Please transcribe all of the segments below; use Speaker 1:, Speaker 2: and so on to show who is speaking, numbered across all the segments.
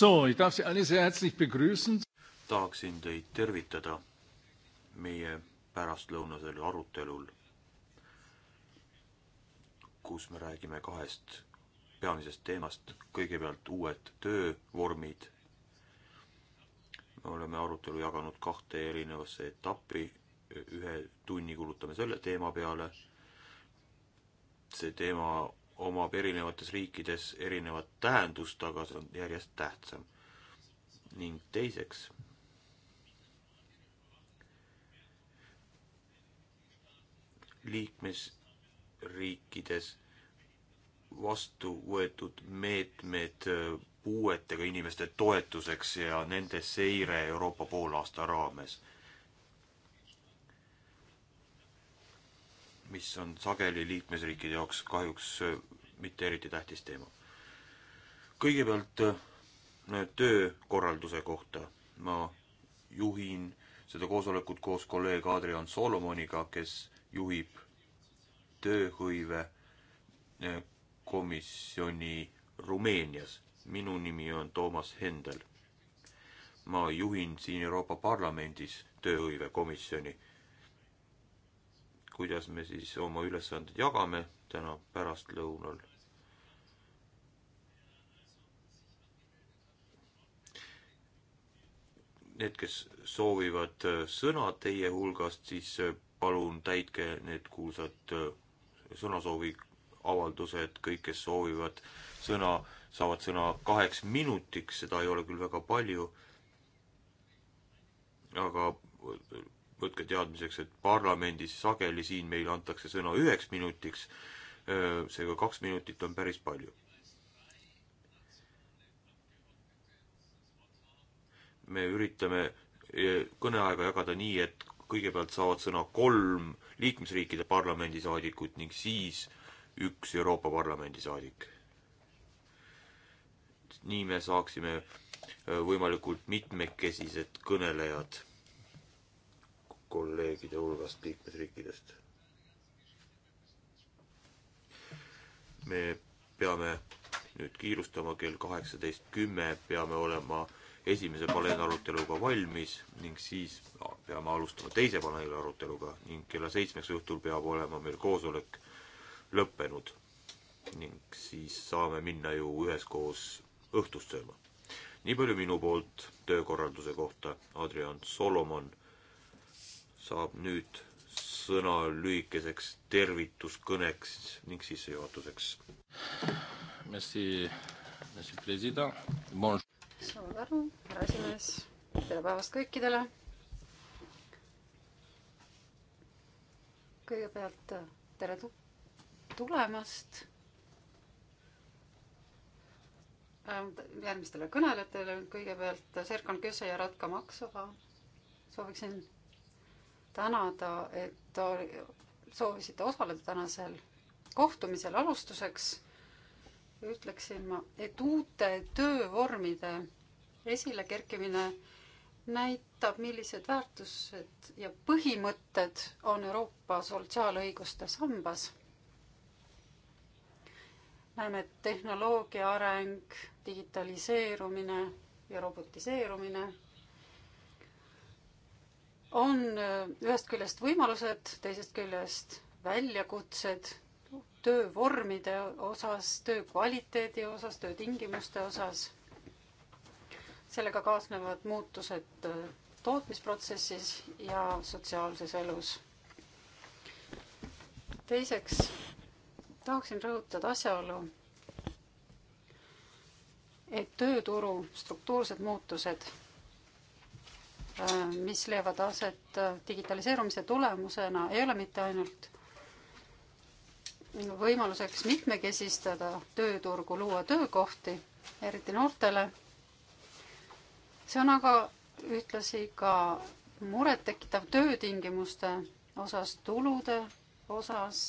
Speaker 1: So, ich darf Sie
Speaker 2: alle sehr herzlich begrüßen.
Speaker 3: tahaksin teid tervitada meie pärastlõunasel arutelul, kus me räägime kahest peamisest teemast, kõigepealt uued töövormid. me oleme arutelu jaganud kahte erinevasse etappi, ühe tunni kulutame selle teema peale. see teema omab erinevates riikides erinevat tähendust, aga see on järjest tähtsam. ning teiseks, liikmesriikides vastu võetud meetmed puuetega inimeste toetuseks ja nende seire Euroopa poolaasta raames, mis on sageli liikmesriikide jaoks kahjuks mitte eriti tähtis teema. kõigepealt äh, töökorralduse kohta ma juhin seda koosolekut koos kolleeg Adrian Solomoniga, kes juhib tööhõive äh, komisjoni Rumeenias. minu nimi on Toomas Hendel. ma juhin siin Euroopa Parlamendis tööhõivekomisjoni kuidas me siis oma ülesanded jagame täna pärastlõunal. Need, kes soovivad äh, sõna teie hulgast, siis äh, palun täitke need kuulsad äh, sõnasoovi avaldused, kõik, kes soovivad sõna, saavad sõna kaheks minutiks, seda ei ole küll väga palju, aga võtke teadmiseks, et parlamendis sageli siin meile antakse sõna üheks minutiks, seega kaks minutit on päris palju. me üritame kõneaega jagada nii, et kõigepealt saavad sõna kolm liikmesriikide parlamendisaadikut ning siis üks Euroopa Parlamendi saadik. nii me saaksime võimalikult mitmekesised kõnelejad kolleegide hulgast liikmesriikidest. me peame nüüd kiirustama, kell kaheksateist kümme peame olema esimese paneeli aruteluga valmis ning siis peame alustama teise paneeli aruteluga ning kella seitsmeks õhtul peab olema meil koosolek lõppenud. ning siis saame minna ju üheskoos õhtust sööma. nii palju minu poolt töökorralduse kohta, Adrian Solomon saab nüüd sõna lühikeseks tervituskõneks ning sissejuhatuseks. Merci, merci president bon..
Speaker 1: suur tänu, härra esimees, tere päevast kõikidele. kõigepealt tere tu-, tulemast ähm, järgmistele kõnelejatele, kõigepealt Serkan Köse ja Ratka Maksova. sooviksin tänada, et soovisite osaleda tänasel kohtumisel. alustuseks ütleksin ma, et uute töövormide esilekerkimine näitab, millised väärtused ja põhimõtted on Euroopa sotsiaalõiguste sambas. näeme, et tehnoloogia areng, digitaliseerumine ja robotiseerumine on äh, ühest küljest võimalused, teisest küljest väljakutsed töövormide osas, töö kvaliteedi osas, töötingimuste osas. sellega kaasnevad muutused äh, tootmisprotsessis ja sotsiaalses elus. teiseks tahaksin rõhutada asjaolu, et tööturu struktuursed muutused mis leiavad aset digitaliseerumise tulemusena, ei ole mitte ainult võimaluseks mitmekesistada tööturgu, luua töökohti, eriti noortele. see on aga ühtlasi ka murettekitav töötingimuste osas, tulude osas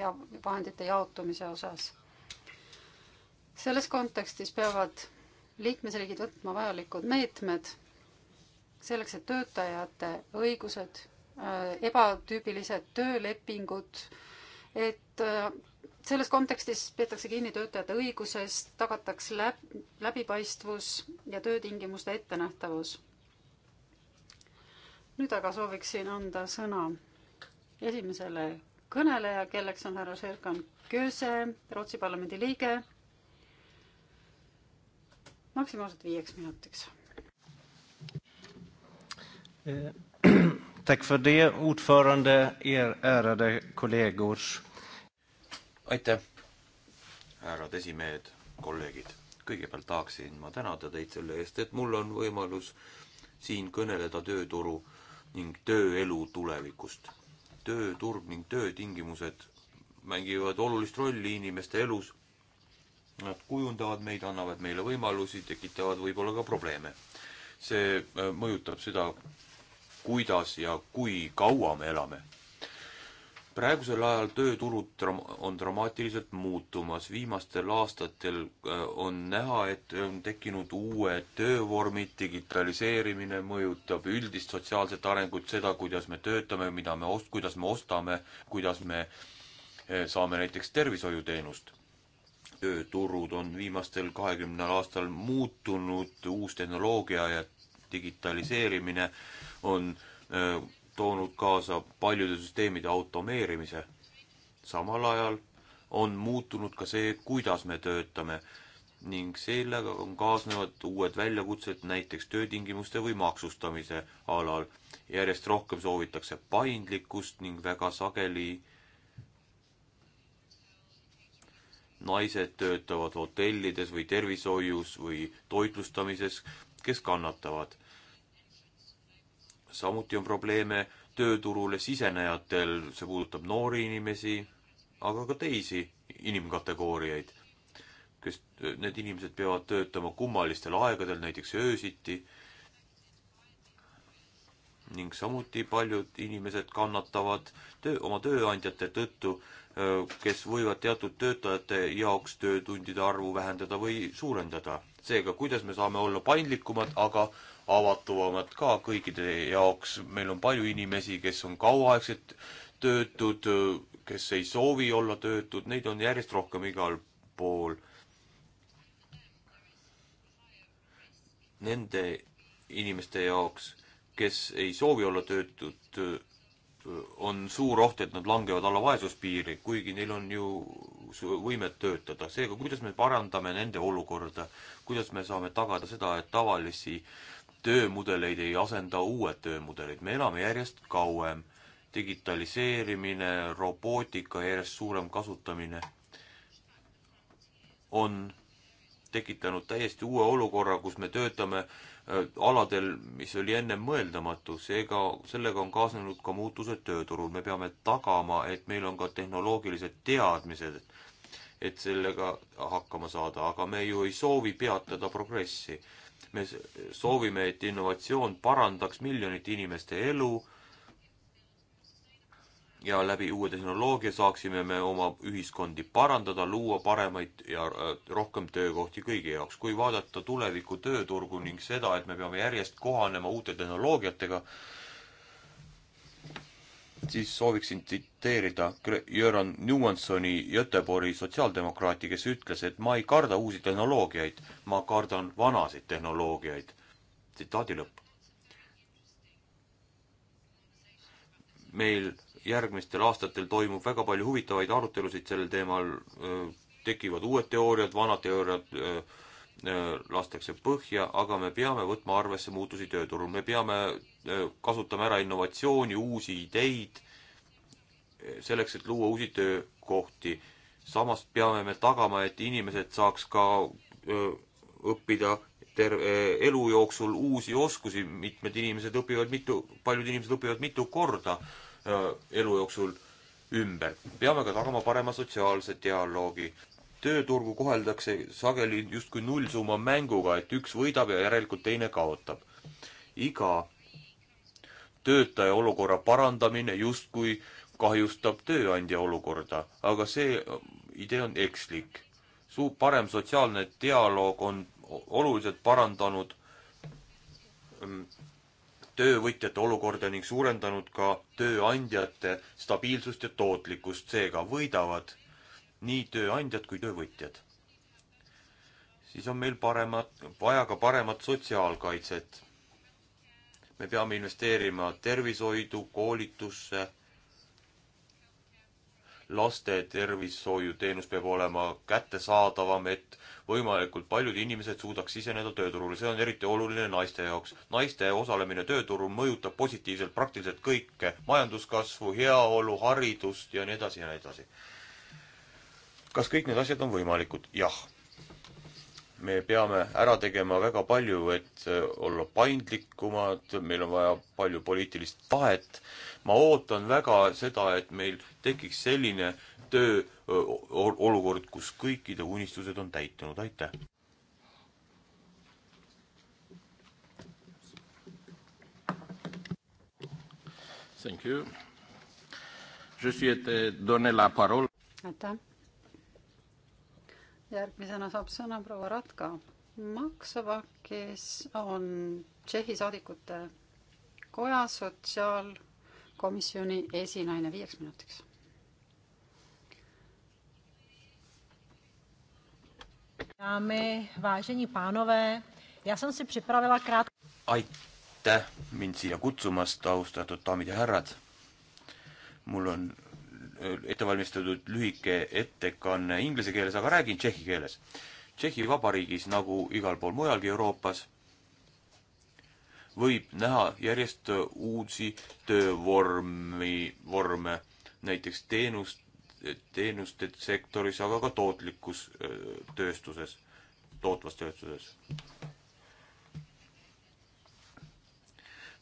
Speaker 1: ja vahendite jaotumise osas. selles kontekstis peavad liikmesriigid võtma vajalikud meetmed selleks, et töötajate õigused, äh, ebatüüpilised töölepingud, et äh, selles kontekstis peetakse kinni töötajate õigusest, tagataks läb-, läbipaistvus ja töötingimuste ettenähtavus. nüüd aga sooviksin anda sõna esimesele kõneleja, kelleks on härra Serkan Köse, Rootsi parlamendi liige, maksimaalselt viieks minutiks
Speaker 3: Eh, Tack för det, ordförande, er ärade kollegor. aitäh, härrad esimehed, kolleegid. kõigepealt tahaksin ma tänada teid selle eest, et mul on võimalus siin kõneleda tööturu ning tööelu tulevikust. tööturg ning töötingimused mängivad olulist rolli inimeste elus. Nad kujundavad meid, annavad meile võimalusi, tekitavad võib-olla ka probleeme. see eh, mõjutab seda, kuidas ja kui kaua me elame. praegusel ajal tööturud dra-, on dramaatiliselt muutumas, viimastel aastatel äh, on näha, et on tekkinud uued töövormid, digitaliseerimine mõjutab üldist sotsiaalset arengut, seda, kuidas me töötame, mida me ost-, kuidas me ostame, kuidas me äh, saame näiteks tervishoiuteenust tööturud on viimastel kahekümnel aastal muutunud, uus tehnoloogia ja digitaliseerimine on äh, toonud kaasa paljude süsteemide automeerimise. samal ajal on muutunud ka see, kuidas me töötame ning sellega on kaasnevad uued väljakutsed näiteks töötingimuste või maksustamise alal. järjest rohkem soovitakse paindlikkust ning väga sageli naised töötavad hotellides või tervishoius või toitlustamises, kes kannatavad samuti on probleeme tööturule sisenejatel, see puudutab noori inimesi, aga ka teisi inimkategooriaid, kes, need inimesed peavad töötama kummalistel aegadel, näiteks öösiti. ning samuti paljud inimesed kannatavad töö, oma tööandjate tõttu, kes võivad teatud töötajate jaoks töötundide arvu vähendada või suurendada. seega, kuidas me saame olla paindlikumad, aga äh, avatumad ka kõikide jaoks, meil on palju inimesi, kes on kauaaegselt töötud, kes ei soovi olla töötud, neid on järjest rohkem igal pool. Nende inimeste jaoks, kes ei soovi olla töötud, on suur oht, et nad langevad alla vaesuspiiri, kuigi neil on ju võimet töötada. seega, kuidas me parandame nende olukorda, kuidas me saame tagada seda, et tavalisi äh, töömudeleid ei asenda uued töömudelid, me elame järjest kauem. digitaliseerimine, robootika järjest suurem kasutamine on tekitanud täiesti uue olukorra, kus me töötame äh, aladel, mis oli ennem mõeldamatu, seega sellega on kaasnenud ka muutused tööturul, me peame tagama, et meil on ka tehnoloogilised teadmised, et sellega hakkama saada, aga me ju ei soovi peatada progressi me soovime, et innovatsioon parandaks miljonite inimeste elu ja läbi uue tehnoloogia saaksime me oma ühiskondi parandada, luua paremaid ja äh, rohkem töökohti kõigi jaoks. kui vaadata tuleviku tööturgu ning seda, et me peame järjest kohanema uute tehnoloogiatega, siis sooviksin tsiteerida Göran Nüansoni Göteborgi sotsiaaldemokraati, kes ütles, et ma ei karda uusi tehnoloogiaid, ma kardan vanasid tehnoloogiaid. tsitaadi lõpp. meil järgmistel aastatel toimub väga palju huvitavaid arutelusid sellel teemal, tekivad uued teooriad, vanad teooriad öö, Äh, lastakse põhja, aga me peame võtma arvesse muutusi tööturul, me peame äh, kasutama ära innovatsiooni, uusi ideid, äh, selleks, et luua uusi töökohti. samas peame me tagama, et inimesed saaks ka õppida terve elu jooksul uusi oskusi, mitmed inimesed õpivad mitu, paljud inimesed õpivad mitu korda elu jooksul ümber. peame ka tagama parema sotsiaalse dialoogi tööturgu koheldakse sageli justkui nullsumma mänguga, et üks võidab ja järelikult teine kaotab. iga töötaja olukorra parandamine justkui kahjustab tööandja olukorda, aga see äh, idee on ekslik. suu-, parem sotsiaalne dialoog on oluliselt parandanud mm, töövõtjate olukorda ning suurendanud ka tööandjate stabiilsust ja tootlikkust, seega võidavad nii tööandjad kui töövõtjad. siis on meil paremat, vaja ka paremat sotsiaalkaitset. me peame investeerima tervishoidu, koolitusse, laste tervishoiuteenus peab olema kättesaadavam, et võimalikult paljud inimesed suudaks siseneda tööturule, see on eriti oluline naiste jaoks. naiste osalemine tööturul mõjutab positiivselt praktiliselt kõike, majanduskasvu, heaolu, haridust ja nii edasi ja nii edasi kas kõik need asjad on võimalikud? jah. me peame ära tegema väga palju, et äh, olla paindlikumad, meil on vaja palju poliitilist tahet. ma ootan väga seda, et meil tekiks selline töö olukord, kus kõikide unistused on täitunud, aitäh! Thank you. Je suis été donné la parole.
Speaker 1: Aitäh! järgmisena saab sõna proua Ratka. Maksavakis on Tšehhi saadikute koja sotsiaalkomisjoni esinaine viieks minutiks Dámy, vážení pánové, já jsem si připravila krát...
Speaker 3: Aitäh mind siia kutsumast, austatud daamid ja härrad. Mul on ette valmistatud lühike ettekanne inglise keeles, aga räägin tšehhi keeles. Tšehhi Vabariigis, nagu igal pool mujalgi Euroopas, võib näha järjest uusi töövormi, vorme, näiteks teenust, teenuste sektoris, aga ka tootlikus tööstuses, tootvas tööstuses.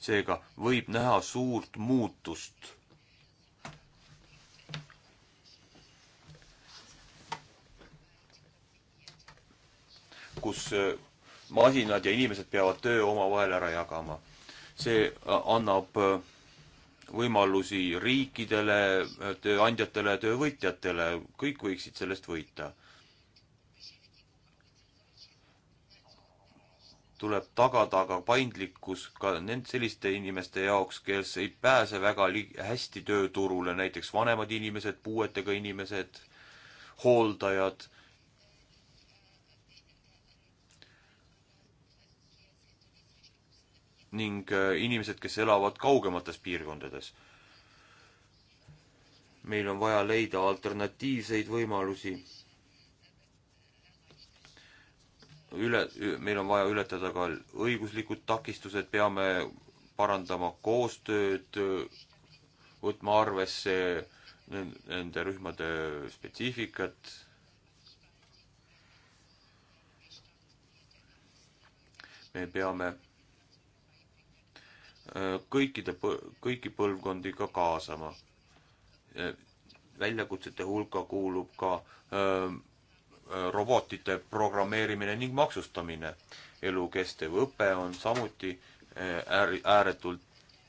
Speaker 3: seega võib näha suurt muutust kus eh, masinad ja inimesed peavad töö omavahel ära jagama. see äh, annab äh, võimalusi riikidele, äh, tööandjatele, töövõtjatele, kõik võiksid sellest võita. tuleb tagada aga paindlikkus ka nend-, selliste inimeste jaoks, kes ei pääse väga li-, hästi tööturule, näiteks vanemad inimesed, puuetega inimesed, hooldajad ning äh, inimesed, kes elavad kaugemates piirkondades. meil on vaja leida alternatiivseid võimalusi. üle, meil on vaja ületada ka õiguslikud takistused, peame parandama koostööd, võtma arvesse nende rühmade spetsiifikat me peame Äh, kõikide, kõiki põlvkondi ka kaasama. Äh, väljakutsete hulka kuulub ka äh, robotite programmeerimine ning maksustamine. elukestev õpe on samuti äär-, ääretult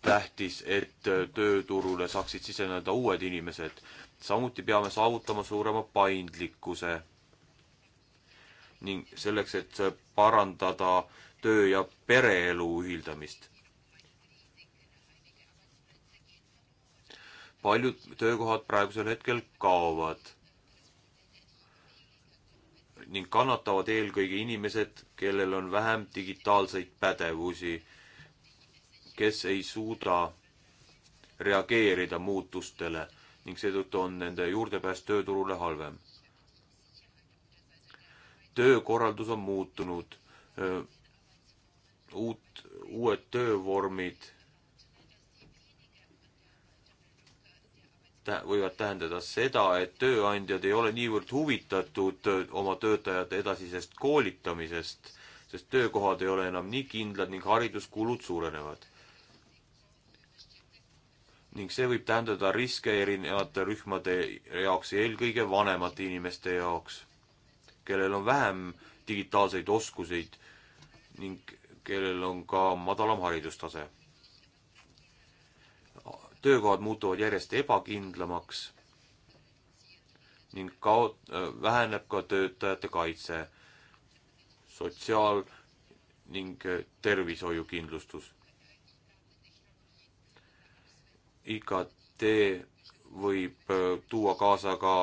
Speaker 3: tähtis, et tööturule saaksid siseneda uued inimesed. samuti peame saavutama suurema paindlikkuse ning selleks, et parandada töö ja pereelu ühildamist. paljud töökohad praegusel hetkel kaovad ning kannatavad eelkõige inimesed, kellel on vähem digitaalseid pädevusi, kes ei suuda reageerida muutustele ning seetõttu on nende juurdepääs tööturule halvem. töökorraldus on muutunud, uut, uued töövormid võivad tähendada seda, et tööandjad ei ole niivõrd huvitatud äh, oma töötajate edasisest koolitamisest, sest töökohad ei ole enam nii kindlad ning hariduskulud suurenevad. ning see võib tähendada riske erinevate rühmade jaoks ja eelkõige vanemate inimeste jaoks, kellel on vähem digitaalseid oskuseid ning kellel on ka madalam haridustase töökohad muutuvad järjest ebakindlamaks ning kao-, äh, väheneb ka töötajate kaitse, sotsiaal- ning äh, tervishoiukindlustus. IKT võib äh, tuua kaasa ka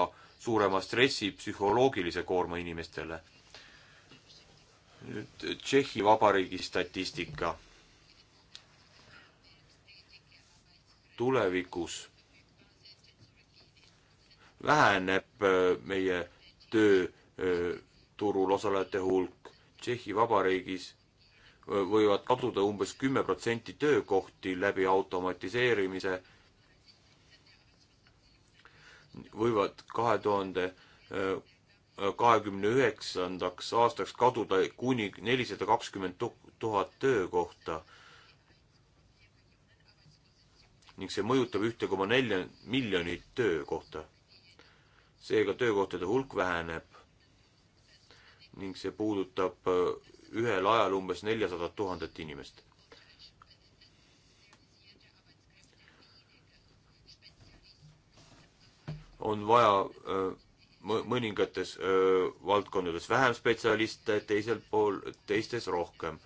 Speaker 3: suurema stressi psühholoogilise koorma inimestele. nüüd Tšehhi Vabariigi statistika tulevikus väheneb äh, meie tööturul äh, osalejate hulk. Tšehhi Vabariigis äh, võivad kaduda umbes kümme protsenti töökohti läbi automatiseerimise. võivad kahe tuhande kahekümne üheksandaks aastaks kaduda kuni nelisada kakskümmend tuhat töökohta ning see mõjutab ühte koma nelja miljonit töökohta. seega töökohtade hulk väheneb ning see puudutab äh, ühel ajal umbes neljasadat tuhandet inimest. on vaja äh, mõningates äh, valdkondades vähem spetsialiste, teisel pool, teistes rohkem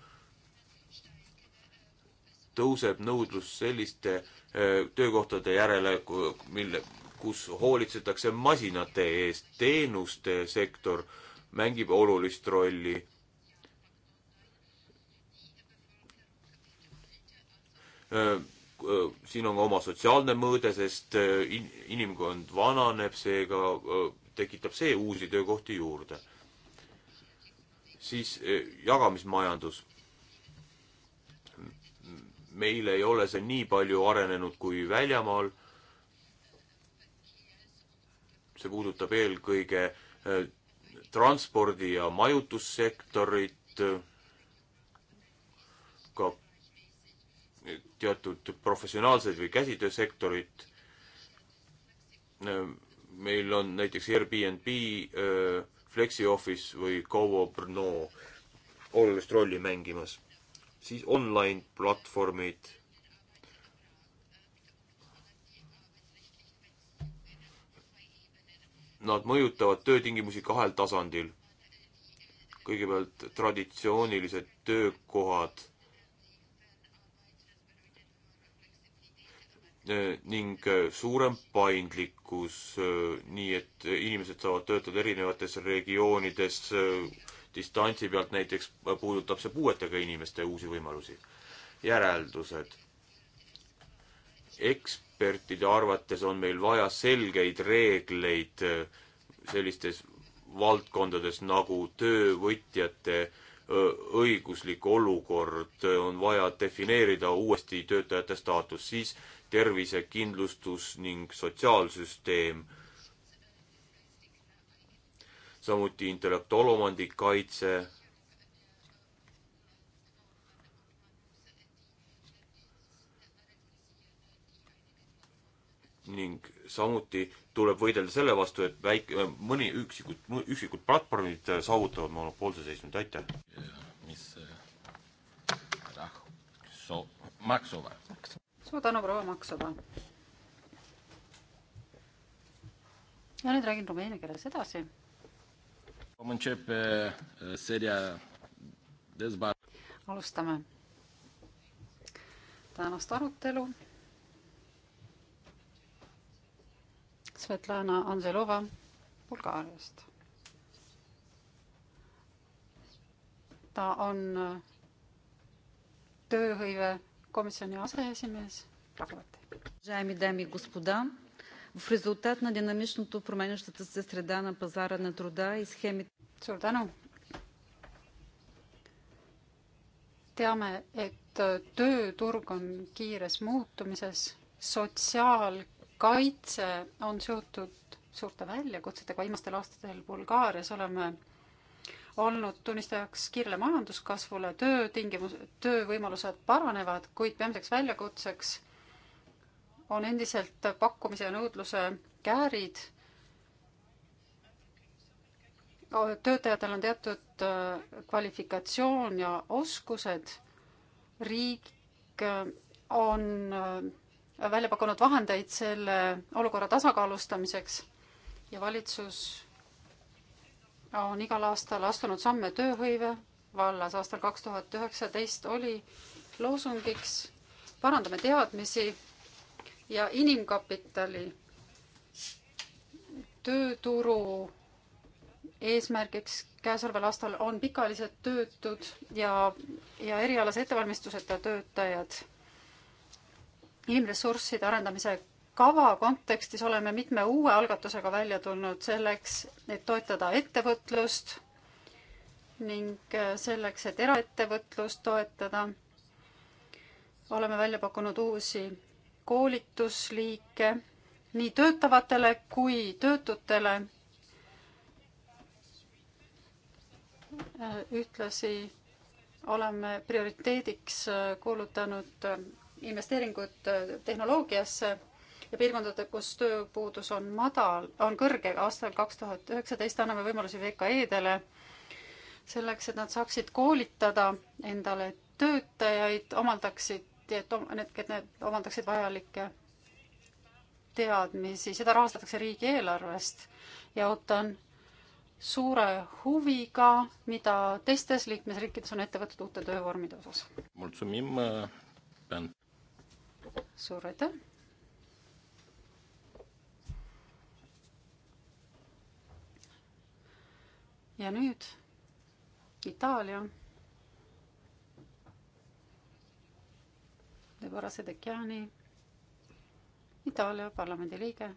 Speaker 3: tõuseb nõudlus selliste töökohtade järele, mille, kus hoolitsetakse masinate eest, teenuste sektor mängib olulist rolli. siin on ka oma sotsiaalne mõõde, sest inimkond vananeb, seega tekitab see uusi töökohti juurde. siis jagamismajandus meil ei ole see nii palju arenenud kui väljamaal. see puudutab eelkõige äh, transpordi- ja majutussektorit, ka teatud professionaalseid või käsitöösektorit. Äh, meil on näiteks Airbnb, äh, FlexiOffice või GoOpno olulist rolli mängimas siis online platvormid. Nad mõjutavad töötingimusi kahel tasandil. kõigepealt traditsioonilised töökohad äh, ning äh, suurem paindlikkus, äh, nii et inimesed saavad töötada erinevates regioonides, distantsi pealt näiteks puudutab see puuetega inimeste uusi võimalusi. järeldused. ekspertide arvates on meil vaja selgeid reegleid äh, sellistes valdkondades nagu töövõtjate äh, õiguslik olukord, äh, on vaja defineerida uuesti töötajate staatus, siis tervisekindlustus ning sotsiaalsüsteem samuti intellektuaalomandi kaitse. ning samuti tuleb võidelda selle vastu, et väike, äh, mõni üksikud, üksikud platvormid äh, saavutavad monopoolse seisundi, aitäh. mis äh,, so-, maksuvä.
Speaker 1: suur tänu, proua Maksuvä. ja nüüd räägin rumeenia keeles edasi Uh, alustame tänast arutelu. Svetlana Anzelova Bulgaariast. ta on uh, tööhõive komisjoni aseesimees. rahvalt в резултат на динамичното променящата се среда на пазара на труда и схемите. suur tänu. teame, et э, tööturg on kiires muutumises, sotsiaalkaitse on seotud suurte väljakutsetega, viimastel aastatel Bulgaarias oleme olnud tunnistajaks kiirele majanduskasvule, töötingimus, töövõimalused paranevad, kuid peamiseks väljakutseks on endiselt pakkumise ja nõudluse käärid. töötajatel on teatud äh, kvalifikatsioon ja oskused. riik äh, on äh, välja pakkunud vahendeid selle olukorra tasakaalustamiseks ja valitsus on igal aastal astunud samme tööhõive vallas. aastal kaks tuhat üheksateist oli loosungiks parandame teadmisi ja inimkapitali tööturu eesmärgiks käesoleval aastal on pikaajalised töötud ja, ja erialase ettevalmistuseta töötajad. inimressursside arendamise kava kontekstis oleme mitme uue algatusega välja tulnud selleks, et toetada ettevõtlust ning selleks, et eraettevõtlust toetada, oleme välja pakkunud uusi koolitusliike nii töötavatele kui töötutele. ühtlasi oleme prioriteediks kuulutanud investeeringud tehnoloogiasse ja piirkondade, kus tööpuudus on madal, on kõrge, aastal kaks tuhat üheksateist anname võimalusi VKE-dele selleks, et nad saaksid koolitada endale töötajaid, omandaksid samuti, et need, et need omandaksid vajalikke teadmisi, seda rahastatakse riigieelarvest ja ootan suure huviga, mida teistes liikmesriikides on ette võetud uute töövormide osas. suur aitäh! ja nüüd Itaalia Deborah Sedekiani, Itaalia parlamendi liige.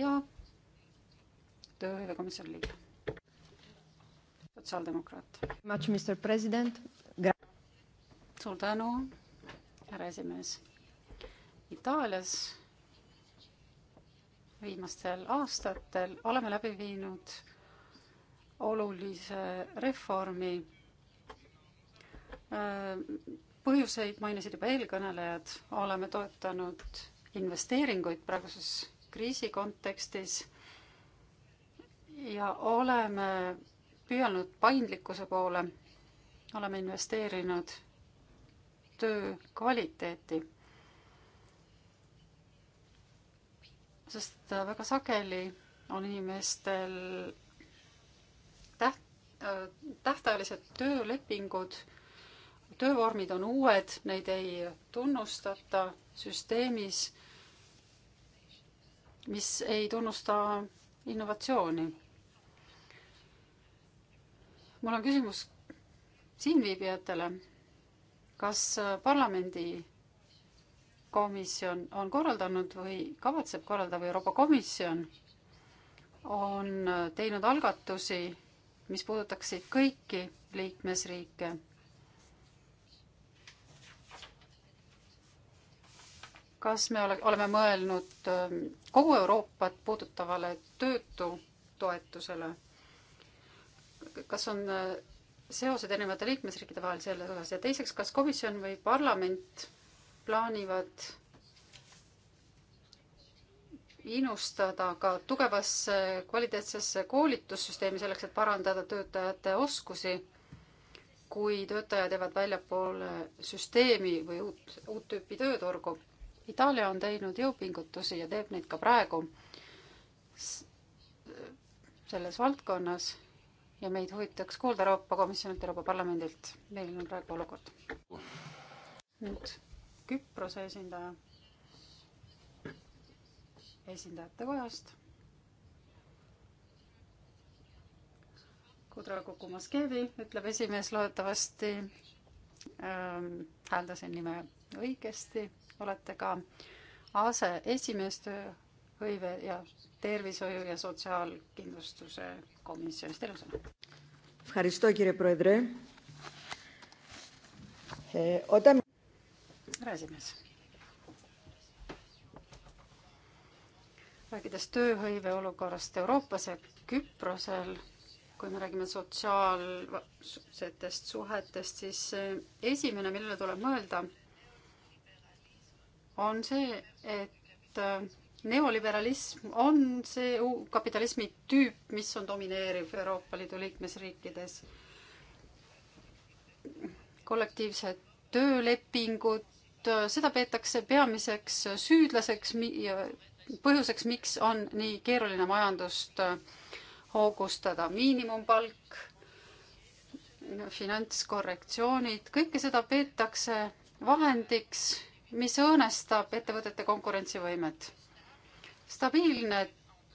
Speaker 1: ja tööhõive komisjoni liige, sotsiaaldemokraat. suur tänu, härra esimees. Itaalias viimastel aastatel oleme läbi viinud olulise reformi Äh, põhjuseid mainisid juba eelkõnelejad, oleme toetanud investeeringuid praeguses kriisi kontekstis ja oleme püüelnud paindlikkuse poole, oleme investeerinud töö kvaliteeti. sest äh, väga sageli on inimestel täht-, äh, tähtajalised töölepingud töövormid on uued, neid ei tunnustata süsteemis, mis ei tunnusta innovatsiooni. mul on küsimus siinviibijatele. kas parlamendi komisjon on korraldanud või kavatseb korraldada või Euroopa Komisjon on teinud algatusi, mis puudutaksid kõiki liikmesriike kas me ole, oleme mõelnud ähm, kogu Euroopat puudutavale töötutoetusele? kas on äh, seosed erinevate liikmesriikide vahel selles osas ja teiseks, kas komisjon või parlament plaanivad innustada ka tugevasse kvaliteetsesse koolitussüsteemi selleks, et parandada töötajate oskusi, kui töötajad jäävad väljapoole süsteemi või uut, uut tüüpi tööturgu Itaalia on teinud jõupingutusi ja teeb neid ka praegu selles valdkonnas ja meid huvitaks kuulda Euroopa Komisjonilt, Euroopa Parlamendilt, milline on praegu olukord. nüüd Küprose esindaja esindajate kojast. Kudra Kukumaskevi ütleb esimees, loodetavasti ähm, hääldasin ähm, nime õigesti olete ka aseesimees tööhõive ja tervishoiu ja sotsiaalkindlustuse komisjonis, teil on sõna. härra esimees. rääkides tööhõive olukorrast Euroopas ja Küprosel kui me räägime sotsiaalsetest suhetest, siis esimene, millele tuleb mõelda, on see, et äh, neoliberalism on see kapitalismi tüüp, mis on domineeriv Euroopa Liidu liikmesriikides. kollektiivsed töölepingud, äh, seda peetakse peamiseks süüdlaseks ja põhjuseks, miks on nii keeruline majandust äh, hoogustada. miinimumpalk, finantskorrektsioonid, kõike seda peetakse vahendiks mis õõnestab ettevõtete konkurentsivõimet. stabiilne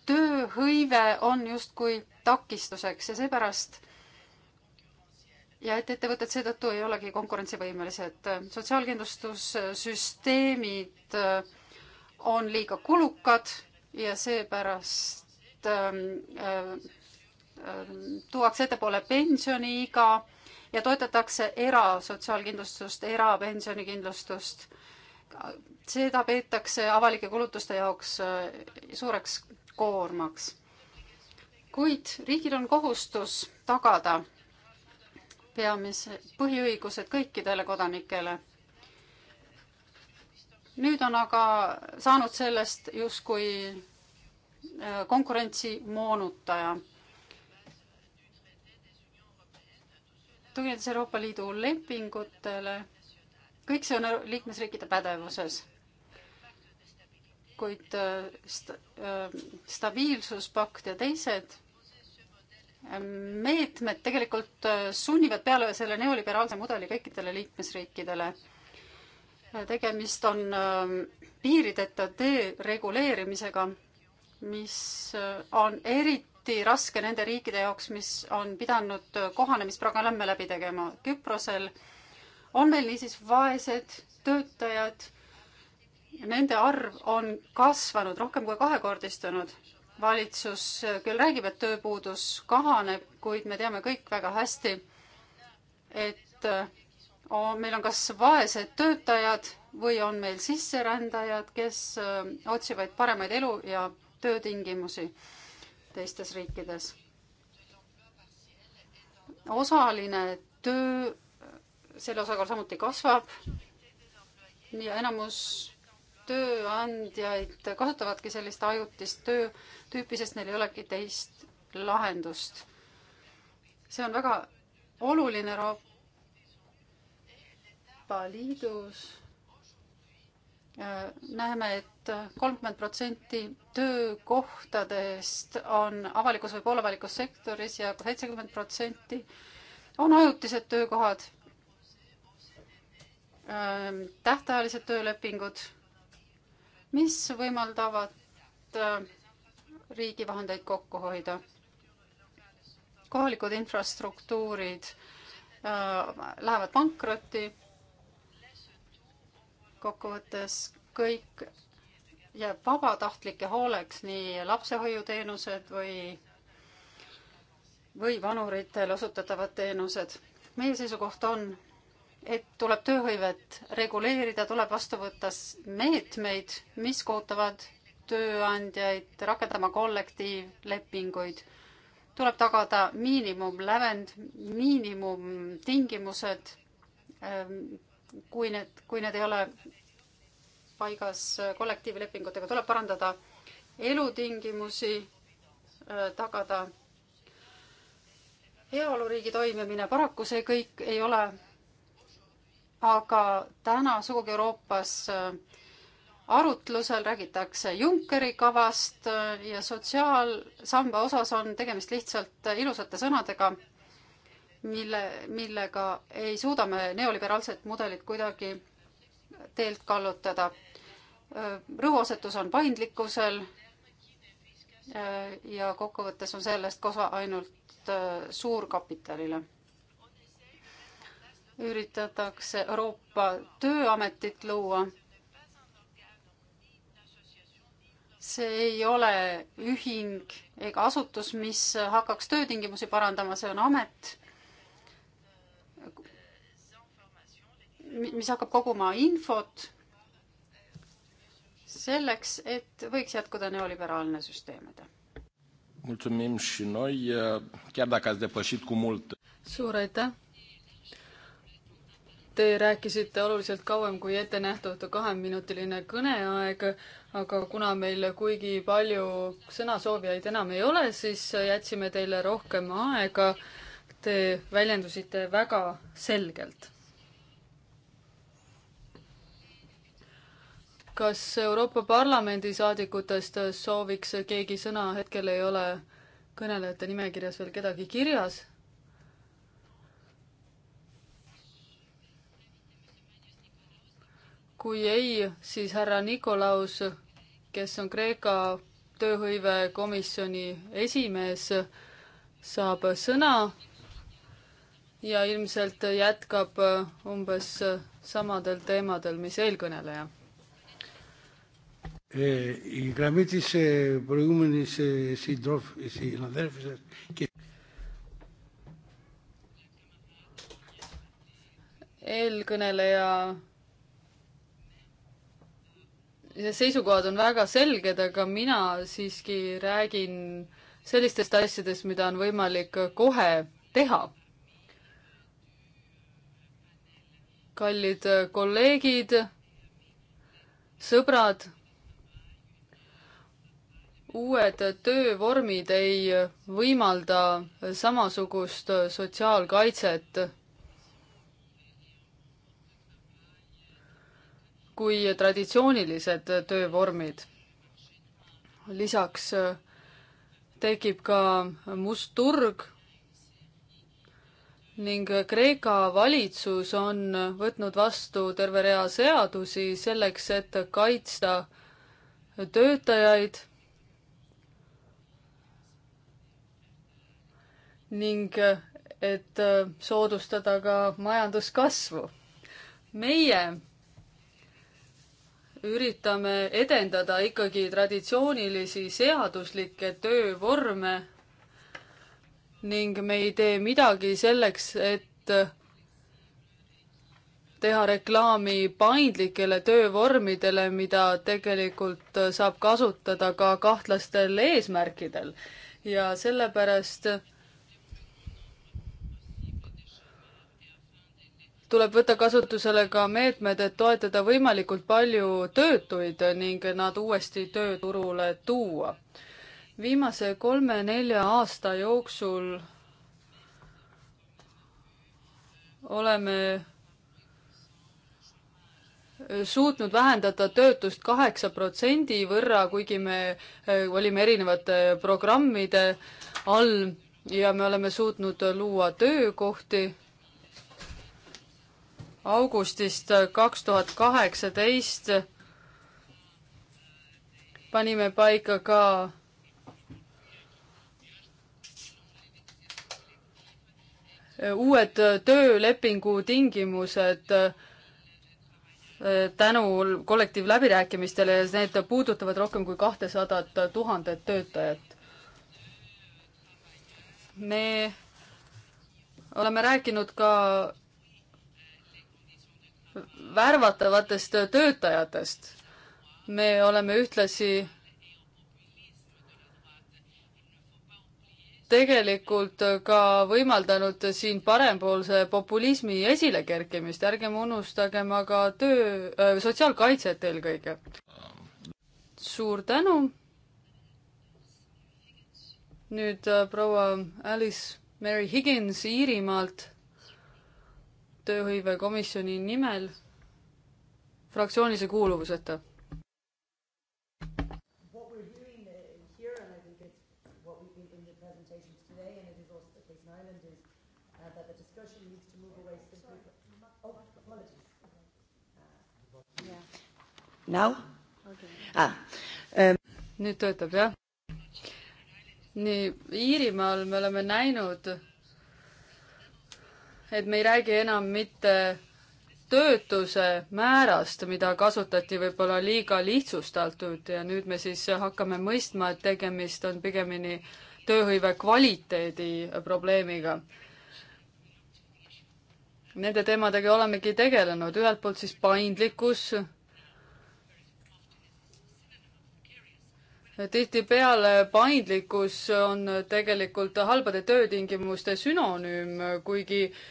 Speaker 1: tööhõive on justkui takistuseks ja seepärast ja et ettevõtted seetõttu ei olegi konkurentsivõimelised. sotsiaalkindlustussüsteemid äh, on liiga kulukad ja seepärast ähm, ähm, tuuakse ettepoole pensioniiga ja toetatakse erasotsiaalkindlustust, erapensionikindlustust seda peetakse avalike kulutuste jaoks äh, suureks koormaks. kuid riigil on kohustus tagada peamise, põhiõigused kõikidele kodanikele. nüüd on aga saanud sellest justkui äh, konkurentsi moonutaja. tuginedes Euroopa Liidu lepingutele kõik see on liikmesriikide pädevuses. kuid äh, sta, äh, stabiilsuspakt ja teised äh, meetmed tegelikult sunnivad peale selle neoliberaalse mudeli kõikidele liikmesriikidele. tegemist on piirideta dereguleerimisega, mis on eriti raske nende riikide jaoks, mis on pidanud kohanemisprogramme läbi tegema. Küprosel äh, on meil niisiis vaesed töötajad. Nende arv on kasvanud, rohkem kui kahekordistunud. valitsus küll räägib, et tööpuudus kahaneb, kuid me teame kõik väga hästi, et on, oh, meil on kas vaesed töötajad või on meil sisserändajad, kes eh, otsivad paremaid elu ja töötingimusi teistes riikides. osaline töö selle osakaal samuti kasvab ja enamus tööandjaid kasutavadki sellist ajutist töötüüpi, sest neil ei olegi teist lahendust. see on väga oluline Euroopa Liidus. näeme et, et kolmkümmend protsenti töökohtadest on avalikus või poolevalikus sektoris ja seitsekümmend protsenti on ajutised töökohad Äh, tähtajalised töölepingud, mis võimaldavad äh, riigi vahendeid kokku hoida. kohalikud infrastruktuurid äh, lähevad pankrotti. kokkuvõttes kõik jääb vabatahtlike hooleks, nii lapsehoiuteenused või, või vanuritele osutatavad teenused. meie seisukoht on, et tuleb tööhõivet reguleerida, tuleb vastu võtta meetmeid, mis kohutavad tööandjaid rakendama kollektiivlepinguid. tuleb tagada miinimumlävend, miinimumtingimused. Ähm, kui need, kui need ei ole paigas kollektiivlepingutega, tuleb parandada elutingimusi, äh, tagada heaoluriigi toimimine. paraku see kõik ei ole aga täna sugugi Euroopas äh, arutlusel räägitakse Junckeri kavast äh, ja sotsiaalsamba osas on tegemist lihtsalt äh, ilusate sõnadega, mille, millega ei suuda me neoliberaalset mudelit kuidagi teelt kallutada. rõhuasetus on paindlikkusel ja kokkuvõttes on sellest kosa ainult suurkapitalile üritatakse Euroopa Tööametit luua. see ei ole ühing ega asutus, mis hakkaks töötingimusi parandama, see on amet, mis hakkab koguma infot selleks, et võiks jätkuda neoliberaalne süsteem.
Speaker 3: Mulțumim și noi, chiar dacă ați depășit cu mult.
Speaker 2: Suur aitäh! Te rääkisite oluliselt kauem kui ette nähtud kaheminutiline kõneaeg, aga kuna meil kuigi palju sõnasoovijaid enam ei ole, siis jätsime teile rohkem aega. Te väljendusite väga selgelt. kas Euroopa Parlamendi saadikutest sooviks keegi sõna, hetkel ei ole kõnelejate nimekirjas veel kedagi kirjas kui ei, siis härra Nikolaus, kes on Kreeka tööhõivekomisjoni esimees, saab sõna ja ilmselt jätkab umbes samadel teemadel, mis eelkõneleja. Eh, eelkõneleja seisukohad on väga selged, aga mina siiski räägin sellistest asjadest, mida on võimalik kohe teha. kallid kolleegid, sõbrad, uued töövormid ei võimalda samasugust sotsiaalkaitset kui traditsioonilised töövormid. lisaks äh, tekib ka must turg ning Kreeka valitsus on võtnud vastu terve rea seadusi selleks, et kaitsta töötajaid ning äh, et äh, soodustada ka majanduskasvu. meie üritame edendada ikkagi traditsioonilisi seaduslikke töövorme ning me ei tee midagi selleks, et teha reklaami paindlikele töövormidele, mida tegelikult saab kasutada ka kahtlastel eesmärkidel. ja sellepärast tuleb võtta kasutusele ka meetmed, et toetada võimalikult palju töötuid ning nad uuesti tööturule tuua. viimase kolme-nelja aasta jooksul oleme suutnud vähendada töötust kaheksa protsendi võrra, kuigi me e, olime erinevate programmide all ja me oleme suutnud luua töökohti augustist kaks tuhat kaheksateist panime paika ka uued töölepingu tingimused eh, tänu kollektiivläbirääkimistele ja need puudutavad rohkem kui kahtesadat tuhandet töötajat. me oleme rääkinud ka värvatavatest töötajatest. me oleme ühtlasi tegelikult ka võimaldanud siin parempoolse populismi esilekerkimist, ärgem unustagem aga töö, äh, sotsiaalkaitset eelkõige. suur tänu. nüüd äh, proua Alice Mary Higgins Iirimaalt tööhõivekomisjoni nimel fraktsioonilise kuuluvuseta. Now? Okay. Ah. Um. nüüd töötab jah? nii, Iirimaal me oleme näinud, et me ei räägi enam mitte töötuse määrast, mida kasutati võib-olla liiga lihtsustatult ja nüüd me siis hakkame mõistma, et tegemist on pigemini tööhõive kvaliteedi probleemiga. Nende teemadega olemegi tegelenud, ühelt poolt siis paindlikkus, tihtipeale paindlikkus on tegelikult halbade töötingimuste sünonüüm, kuigi äh,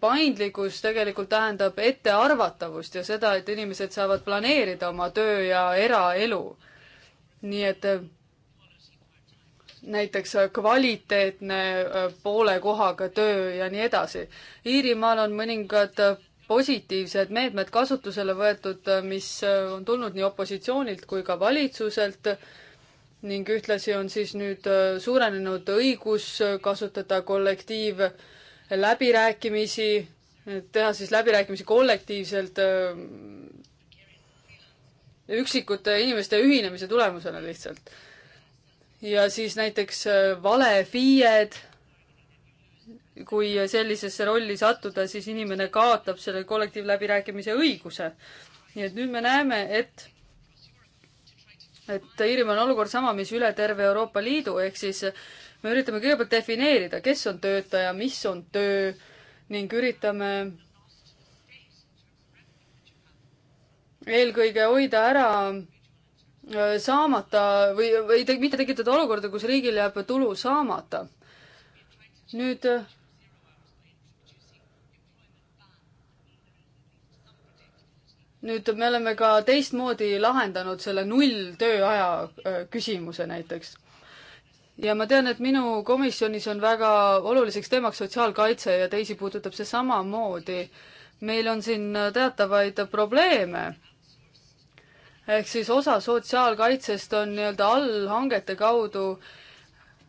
Speaker 2: paindlikkus tegelikult tähendab ettearvatavust ja seda, et inimesed saavad planeerida oma töö ja eraelu. nii et äh, näiteks äh, kvaliteetne äh, poole kohaga töö ja nii edasi. Iirimaal on mõningad positiivsed meetmed kasutusele võetud, mis on tulnud nii opositsioonilt kui ka valitsuselt ning ühtlasi on siis nüüd suurenenud õigus kasutada kollektiiv- läbirääkimisi, teha siis läbirääkimisi kollektiivselt äh, üksikute inimeste ühinemise tulemusena lihtsalt. ja siis näiteks äh, valefiied, kui sellisesse rolli sattuda, siis inimene kaotab selle kollektiivläbirääkimise õiguse. nii et nüüd me näeme, et et Iirimaa on olukord sama, mis üle terve Euroopa Liidu, ehk siis me üritame kõigepealt defineerida, kes on töötaja, mis on töö ning üritame eelkõige hoida ära äh, saamata või, või te, mitte tekitada olukorda, kus riigil jääb tulu saamata. nüüd nüüd me oleme ka teistmoodi lahendanud selle null tööaja äh, küsimuse näiteks ja ma tean, et minu komisjonis on väga oluliseks teemaks sotsiaalkaitse ja teisi puudutab see samamoodi. meil on siin teatavaid probleeme. ehk siis osa sotsiaalkaitsest on nii-öelda allhangete kaudu äh,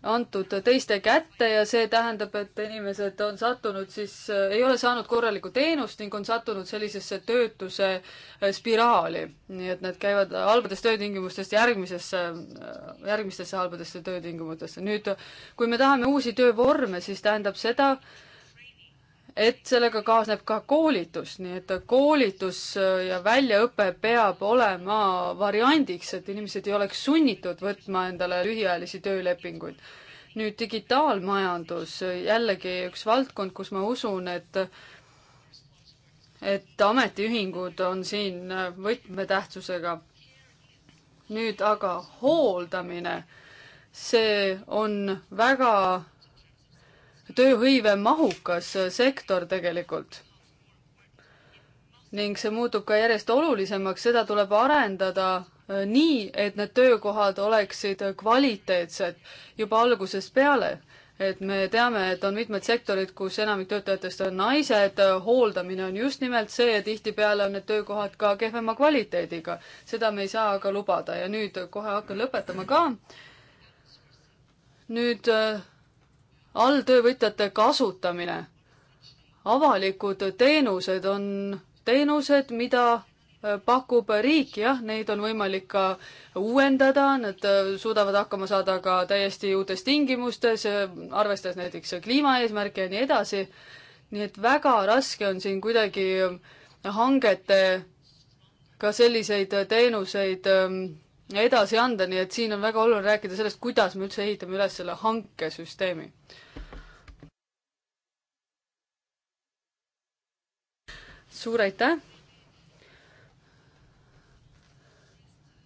Speaker 2: antud teiste kätte ja see tähendab, et inimesed on sattunud siis, ei ole saanud korralikku teenust ning on sattunud sellisesse töötuse äh, spiraali. nii et nad käivad halbadest töötingimustest järgmisesse, äh, järgmistesse halbadesse töötingimustesse. nüüd, kui me tahame uusi töövorme, siis tähendab seda, et sellega kaasneb ka koolitus, nii et koolitus ja väljaõpe peab olema variandiks, et inimesed ei oleks sunnitud võtma endale lühiajalisi töölepinguid. nüüd digitaalmajandus, jällegi üks valdkond, kus ma usun, et et ametiühingud on siin võtmetähtsusega. nüüd aga hooldamine, see on väga tööhõivemahukas sektor tegelikult. ning see muutub ka järjest olulisemaks, seda tuleb arendada äh, nii, et need töökohad oleksid kvaliteetsed juba algusest peale. et me teame, et on mitmed sektorid, kus enamik töötajatest on naised, äh, hooldamine on just nimelt see ja tihtipeale on need töökohad ka kehvema kvaliteediga. seda me ei saa aga lubada ja nüüd kohe hakkan lõpetama ka. nüüd äh, alltöövõtjate kasutamine. avalikud teenused on teenused, mida äh, pakub riik, jah, neid on võimalik ka uuendada, nad äh, suudavad hakkama saada ka täiesti uutes tingimustes, äh, arvestades näiteks kliimaeesmärke ja nii edasi. nii et väga raske on siin kuidagi hangete ka selliseid teenuseid ähm, edasi anda, nii et siin on väga oluline rääkida sellest, kuidas me üldse ehitame üles selle hankesüsteemi. suur aitäh!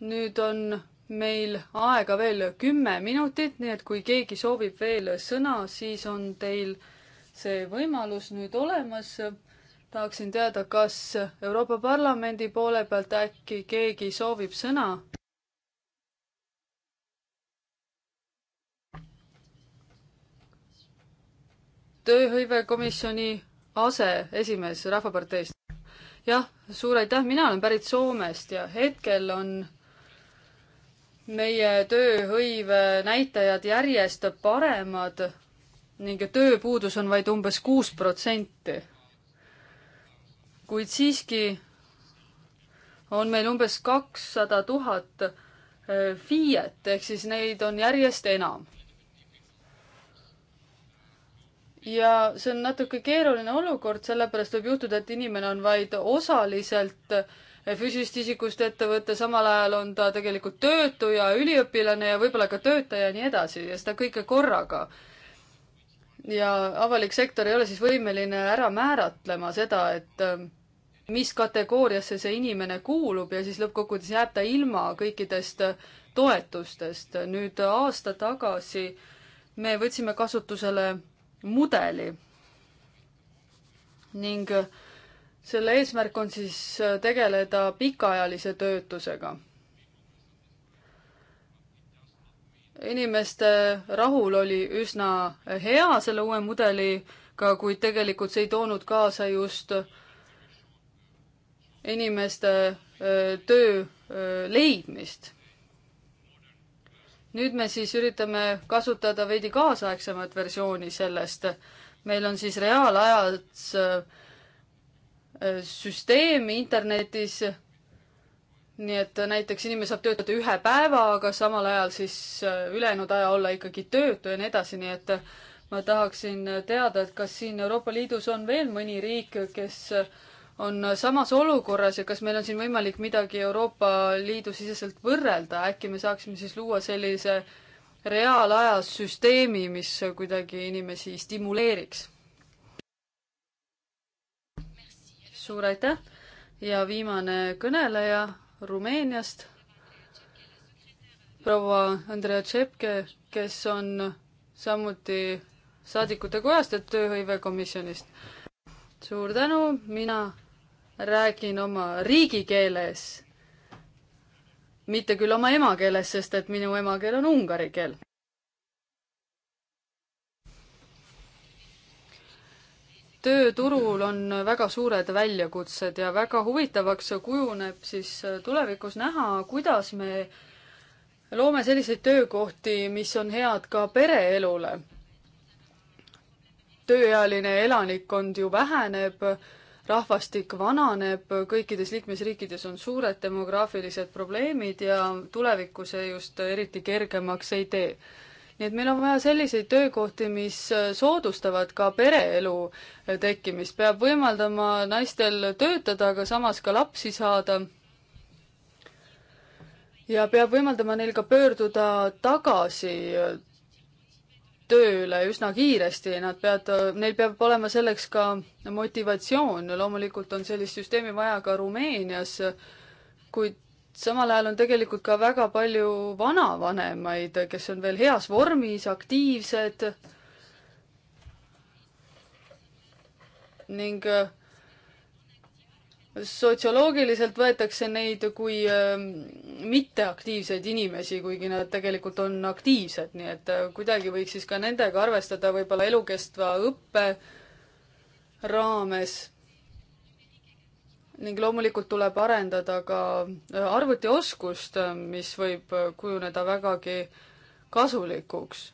Speaker 2: nüüd on meil aega veel kümme minutit, nii et kui keegi soovib veel sõna, siis on teil see võimalus nüüd olemas. tahaksin teada, kas Euroopa Parlamendi poole pealt äkki keegi soovib sõna? tööhõivekomisjoni aseesimees Rahvaparteist. jah, suur aitäh, mina olen pärit Soomest ja hetkel on meie tööhõive näitajad järjest paremad ning tööpuudus on vaid umbes kuus protsenti. kuid siiski on meil umbes kakssada tuhat FIE-t ehk siis neid on järjest enam ja see on natuke keeruline olukord, sellepärast võib juhtuda, et inimene on vaid osaliselt eh, füüsilisest isikust ettevõte, samal ajal on ta tegelikult töötu ja üliõpilane ja võib-olla ka töötaja ja nii edasi ja seda kõike korraga. ja avalik sektor ei ole siis võimeline ära määratlema seda, et eh, mis kategooriasse see inimene kuulub ja siis lõppkokkuvõttes jääb ta ilma kõikidest toetustest. nüüd aasta tagasi me võtsime kasutusele mudeli. ning selle eesmärk on siis tegeleda pikaajalise töötusega. inimeste rahul oli üsna hea selle uue mudeliga, kuid tegelikult see ei toonud kaasa just inimeste töö leidmist nüüd me siis üritame kasutada veidi kaasaegsemat versiooni sellest. meil on siis reaalajas äh, äh, süsteem internetis. nii et näiteks inimene saab töötada ühe päeva, aga samal ajal siis äh, ülejäänud aja olla ikkagi töötu ja nii edasi, nii et ma tahaksin teada, et kas siin Euroopa Liidus on veel mõni riik, kes on samas olukorras ja kas meil on siin võimalik midagi Euroopa Liidu siseselt võrrelda, äkki me saaksime siis luua sellise reaalajas süsteemi, mis kuidagi inimesi stimuleeriks? suur aitäh ja viimane kõneleja Rumeeniast, proua Andrea Tšepke, kes on samuti saadikute kojast ja tööhõivekomisjonist suur tänu, mina räägin oma riigikeeles, mitte küll oma emakeeles, sest et minu emakeel on ungari keel. tööturul on väga suured väljakutsed ja väga huvitavaks kujuneb siis tulevikus näha, kuidas me loome selliseid töökohti, mis on head ka pereelule tööealine elanikkond ju väheneb rahvastik vananeb, kõikides liikmesriikides on suured demograafilised probleemid ja tulevikku see just eriti kergemaks ei tee. nii et meil on vaja selliseid töökohti, mis soodustavad ka pereelu tekkimist, peab võimaldama naistel töötada, aga samas ka lapsi saada. ja peab võimaldama neil ka pöörduda tagasi tööle üsna kiiresti, nad peavad, neil peab olema selleks ka motivatsioon, loomulikult on sellist süsteemi vaja ka Rumeenias, kuid samal ajal on tegelikult ka väga palju vanavanemaid, kes on veel heas vormis, aktiivsed ning äh, sotsioloogiliselt võetakse neid kui ähm, mitteaktiivseid inimesi, kuigi nad tegelikult on aktiivsed, nii et äh, kuidagi võiks siis ka nendega arvestada võib-olla elukestva õppe raames. ning loomulikult tuleb arendada ka äh, arvutioskust, äh, mis võib kujuneda vägagi kasulikuks.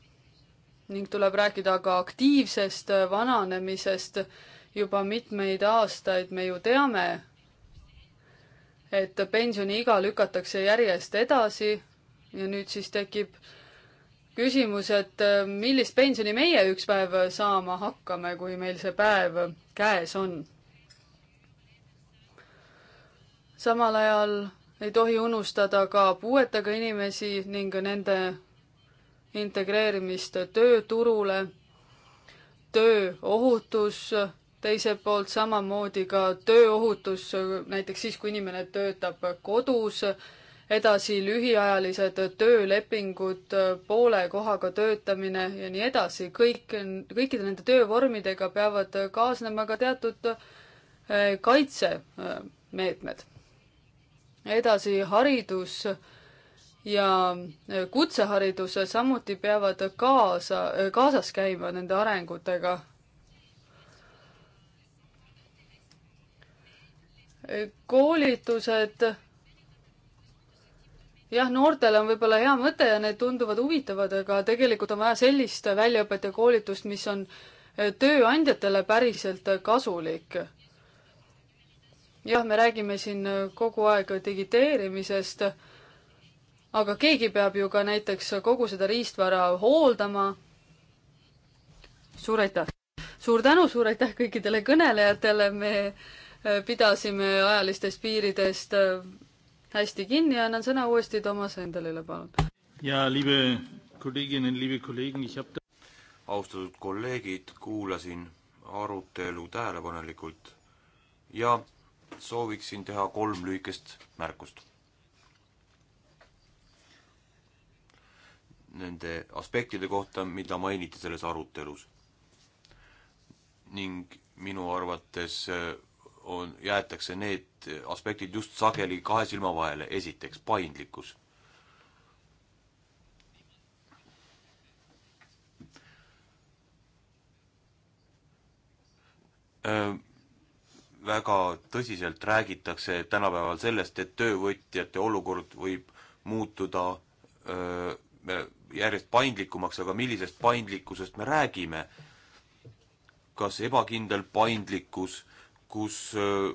Speaker 2: ning tuleb rääkida ka aktiivsest vananemisest, juba mitmeid aastaid me ju teame, et pensioniiga lükatakse järjest edasi ja nüüd siis tekib küsimus, et äh, millist pensioni meie üks päev saama hakkame, kui meil see päev käes on. samal ajal ei tohi unustada ka puuetega inimesi ning nende integreerimist tööturule, tööohutus teiselt poolt samamoodi ka tööohutus, näiteks siis, kui inimene töötab kodus, edasi lühiajalised töölepingud, poole kohaga töötamine ja nii edasi, kõik, kõikide nende töövormidega peavad kaasnema ka teatud eh, kaitsemeetmed. edasi haridus ja eh, kutseharidus samuti peavad kaasa, eh, kaasas käima nende arengutega koolitused. jah, noortele on võib-olla hea mõte ja need tunduvad huvitavad, aga tegelikult on vaja sellist väljaõpet ja koolitust, mis on eh, tööandjatele päriselt kasulik. jah, me räägime siin eh, kogu aeg digiteerimisest, aga keegi peab ju ka näiteks kogu seda riistvara hooldama. suur aitäh! suur tänu, suur aitäh kõikidele kõnelejatele, me pidasime ajalistest piiridest äh, hästi kinni ja annan sõna uuesti Toomas Endelile, palun.
Speaker 3: ja liibe kolleeginen, liibe kolleegin, ich hab austatud kolleegid, kuulasin arutelu tähelepanelikult ja sooviksin teha kolm lühikest märkust. Nende aspektide kohta, mida mainiti selles arutelus. ning minu arvates äh, on, jäetakse need aspektid just sageli kahe silma vahele, esiteks paindlikkus. väga tõsiselt räägitakse tänapäeval sellest, et töövõtjate olukord võib muutuda öö, järjest paindlikumaks, aga millisest paindlikkusest me räägime? kas ebakindel paindlikkus kus äh,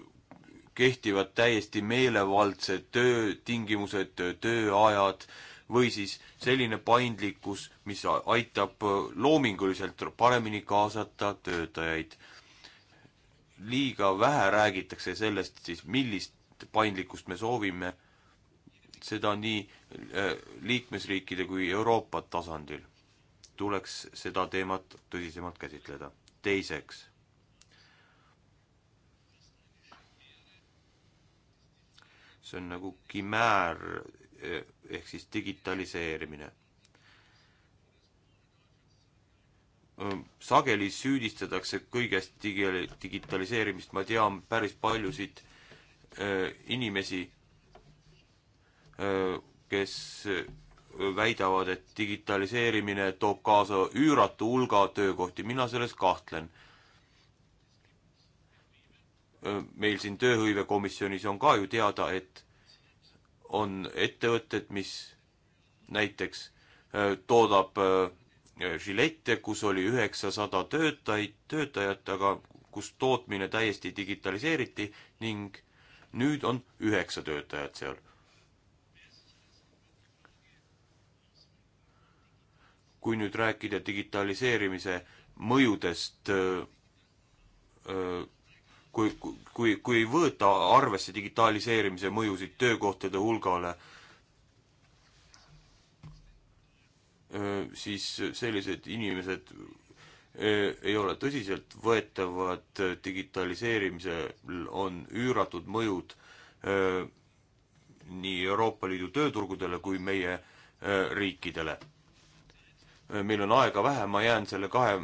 Speaker 3: kehtivad täiesti meelevaldsed töötingimused, tööajad või siis selline paindlikkus, mis aitab äh, loominguliselt paremini kaasata töötajaid. liiga vähe räägitakse sellest siis, millist paindlikkust me soovime, seda nii äh, liikmesriikide kui Euroopa tasandil. tuleks seda teemat tõsisemalt käsitleda. teiseks see on nagu kimäär ehk siis digitaliseerimine. sageli süüdistatakse kõigest digi-, digitaliseerimist, ma tean päris paljusid äh, inimesi, äh, kes väidavad, et digitaliseerimine toob kaasa üüratu hulga töökohti, mina selles kahtlen meil siin tööhõivekomisjonis on ka ju teada, et on ettevõtted, mis näiteks toodab žilette, kus oli üheksasada töötajaid, töötajat, aga kus tootmine täiesti digitaliseeriti ning nüüd on üheksa töötajat seal. kui nüüd rääkida digitaliseerimise mõjudest öö, öö, kui, kui, kui ei võeta arvesse digitaliseerimise mõjusid töökohtade hulgale, siis sellised inimesed ei ole tõsiseltvõetavad, digitaliseerimisel on üüratud mõjud nii Euroopa Liidu tööturgudele kui meie riikidele. meil on aega vähe, ma jään selle kahe,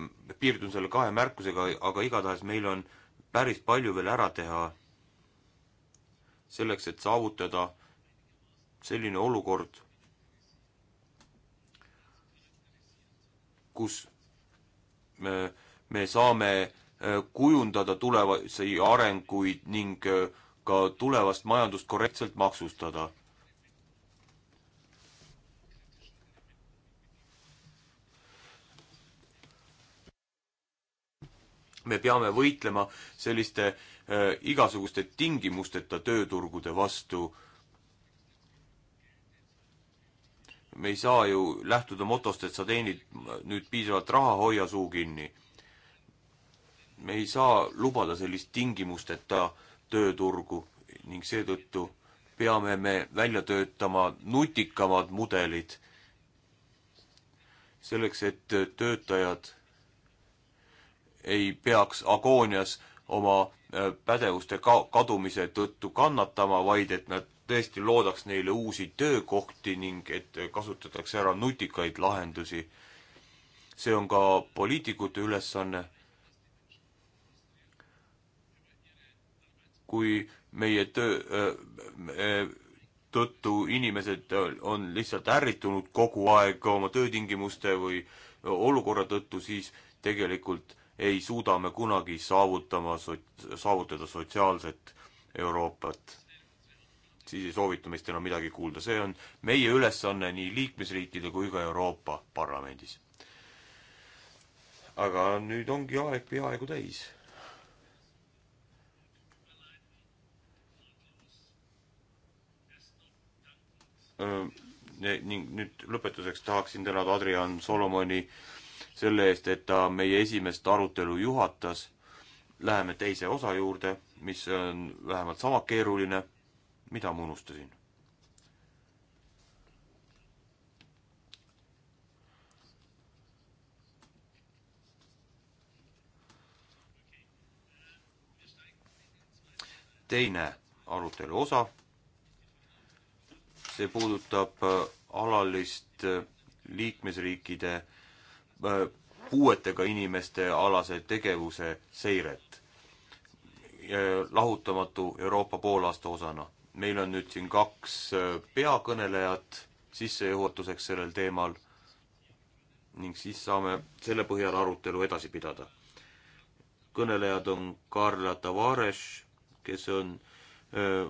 Speaker 3: piirdun selle kahe märkusega, aga igatahes meil on äh, päris palju veel ära teha selleks, et saavutada selline olukord, kus me, me saame äh, kujundada tulevasi arenguid ning äh, ka tulevast majandust korrektselt maksustada me peame võitlema selliste äh, igasuguste tingimusteta tööturgude vastu. me ei saa ju lähtuda motost, et sa teenid nüüd piisavalt raha, hoia suu kinni. me ei saa lubada sellist tingimusteta tööturgu ning seetõttu peame me välja töötama nutikamad mudelid selleks, et töötajad ei peaks agoonias oma äh, pädevuste ka-, kadumise tõttu kannatama, vaid et nad tõesti loodaks neile uusi töökohti ning et äh, kasutatakse ära nutikaid lahendusi. see on ka poliitikute ülesanne. kui meie töö äh, tõttu inimesed on lihtsalt ärritunud kogu aeg oma töötingimuste või olukorra tõttu, siis tegelikult ei suuda me kunagi saavutama sot-, saavutada sotsiaalset Euroopat, siis ei soovita meist enam midagi kuulda, see on meie ülesanne nii liikmesriikide kui ka Euroopa Parlamendis. aga nüüd ongi aeg peaaegu täis. ning nüüd lõpetuseks tahaksin tänada Adrian Solomoni äh, selle eest, et ta meie esimest arutelu juhatas. Läheme teise osa juurde, mis on vähemalt sama keeruline. mida ma unustasin? teine arutelu osa. see puudutab äh, alalist äh, liikmesriikide Äh, puuetega inimeste alase tegevuse seiret lahutamatu Euroopa poolaasta osana. meil on nüüd siin kaks äh, peakõnelejat sissejuhatuseks sellel teemal ning siis saame selle põhjal arutelu edasi pidada. kõnelejad on Karla Tavares, kes on öö, äh,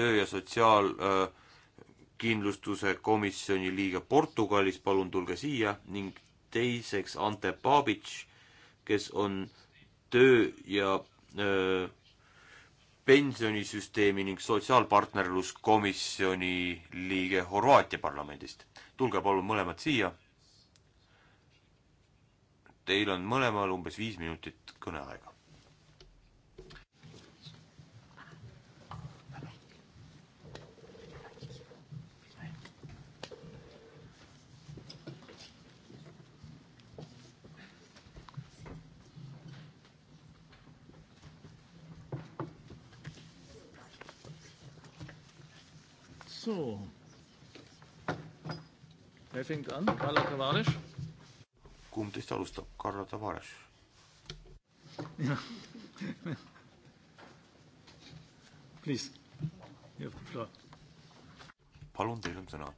Speaker 3: töö- ja sotsiaalkindlustuse komisjoni liige Portugalis, palun tulge siia ning teiseks Ante Babic, kes on töö ja öö, pensionisüsteemi ning sotsiaalpartnerluskomisjoni liige Horvaatia parlamendist. tulge palun mõlemad siia. Teil on mõlemal umbes viis minutit kõneaega.
Speaker 2: So. Wer fängt an? Karla Tavares? kumb
Speaker 3: teist alustab? Karla Tavares. jah. Please, you have the floor. Palun, teil on sõna.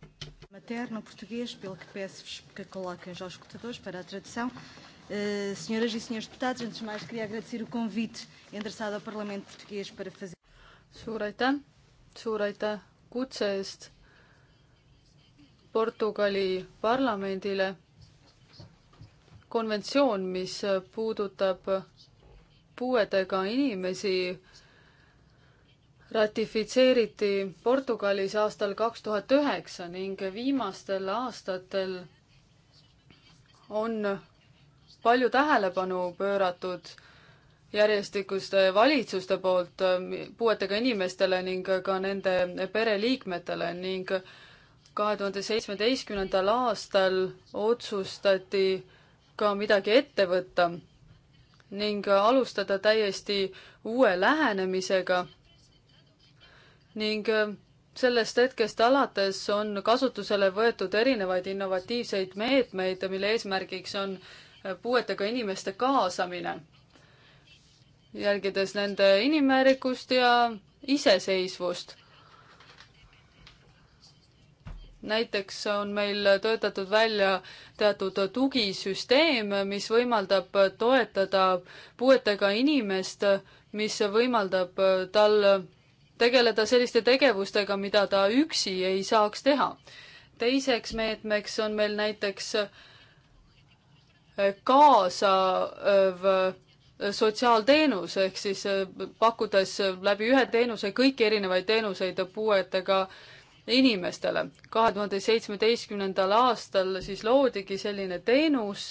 Speaker 2: Materno português, pelo que peço-vos que coloquem já os escutadores para a tradução. Uh, senhoras e senhores deputados, antes de mais queria agradecer o convite endereçado ao Parlamento Português para fazer. Suur aitäh, suur aitäh kutse eest Portugali parlamendile. konventsioon, mis puudutab puuetega inimesi, ratifitseeriti Portugalis aastal kaks tuhat üheksa ning viimastel aastatel on palju tähelepanu pööratud järjestikuste valitsuste poolt äh, puuetega inimestele ning ka nende pereliikmetele ning kahe tuhande seitsmeteistkümnendal aastal otsustati ka midagi ette võtta ning alustada täiesti uue lähenemisega. ning äh, sellest hetkest alates on kasutusele võetud erinevaid innovatiivseid meetmeid, mille eesmärgiks on äh, puuetega inimeste kaasamine jälgides nende inimväärikust ja iseseisvust. näiteks on meil töötatud välja teatud tugisüsteem, mis võimaldab toetada puuetega inimest, mis võimaldab tal tegeleda selliste tegevustega, mida ta üksi ei saaks teha. teiseks meetmeks on meil näiteks kaasav sotsiaalteenus ehk siis äh, pakkudes läbi ühe teenuse kõiki erinevaid teenuseid puuetega inimestele. kahe tuhande seitsmeteistkümnendal aastal siis loodigi selline teenus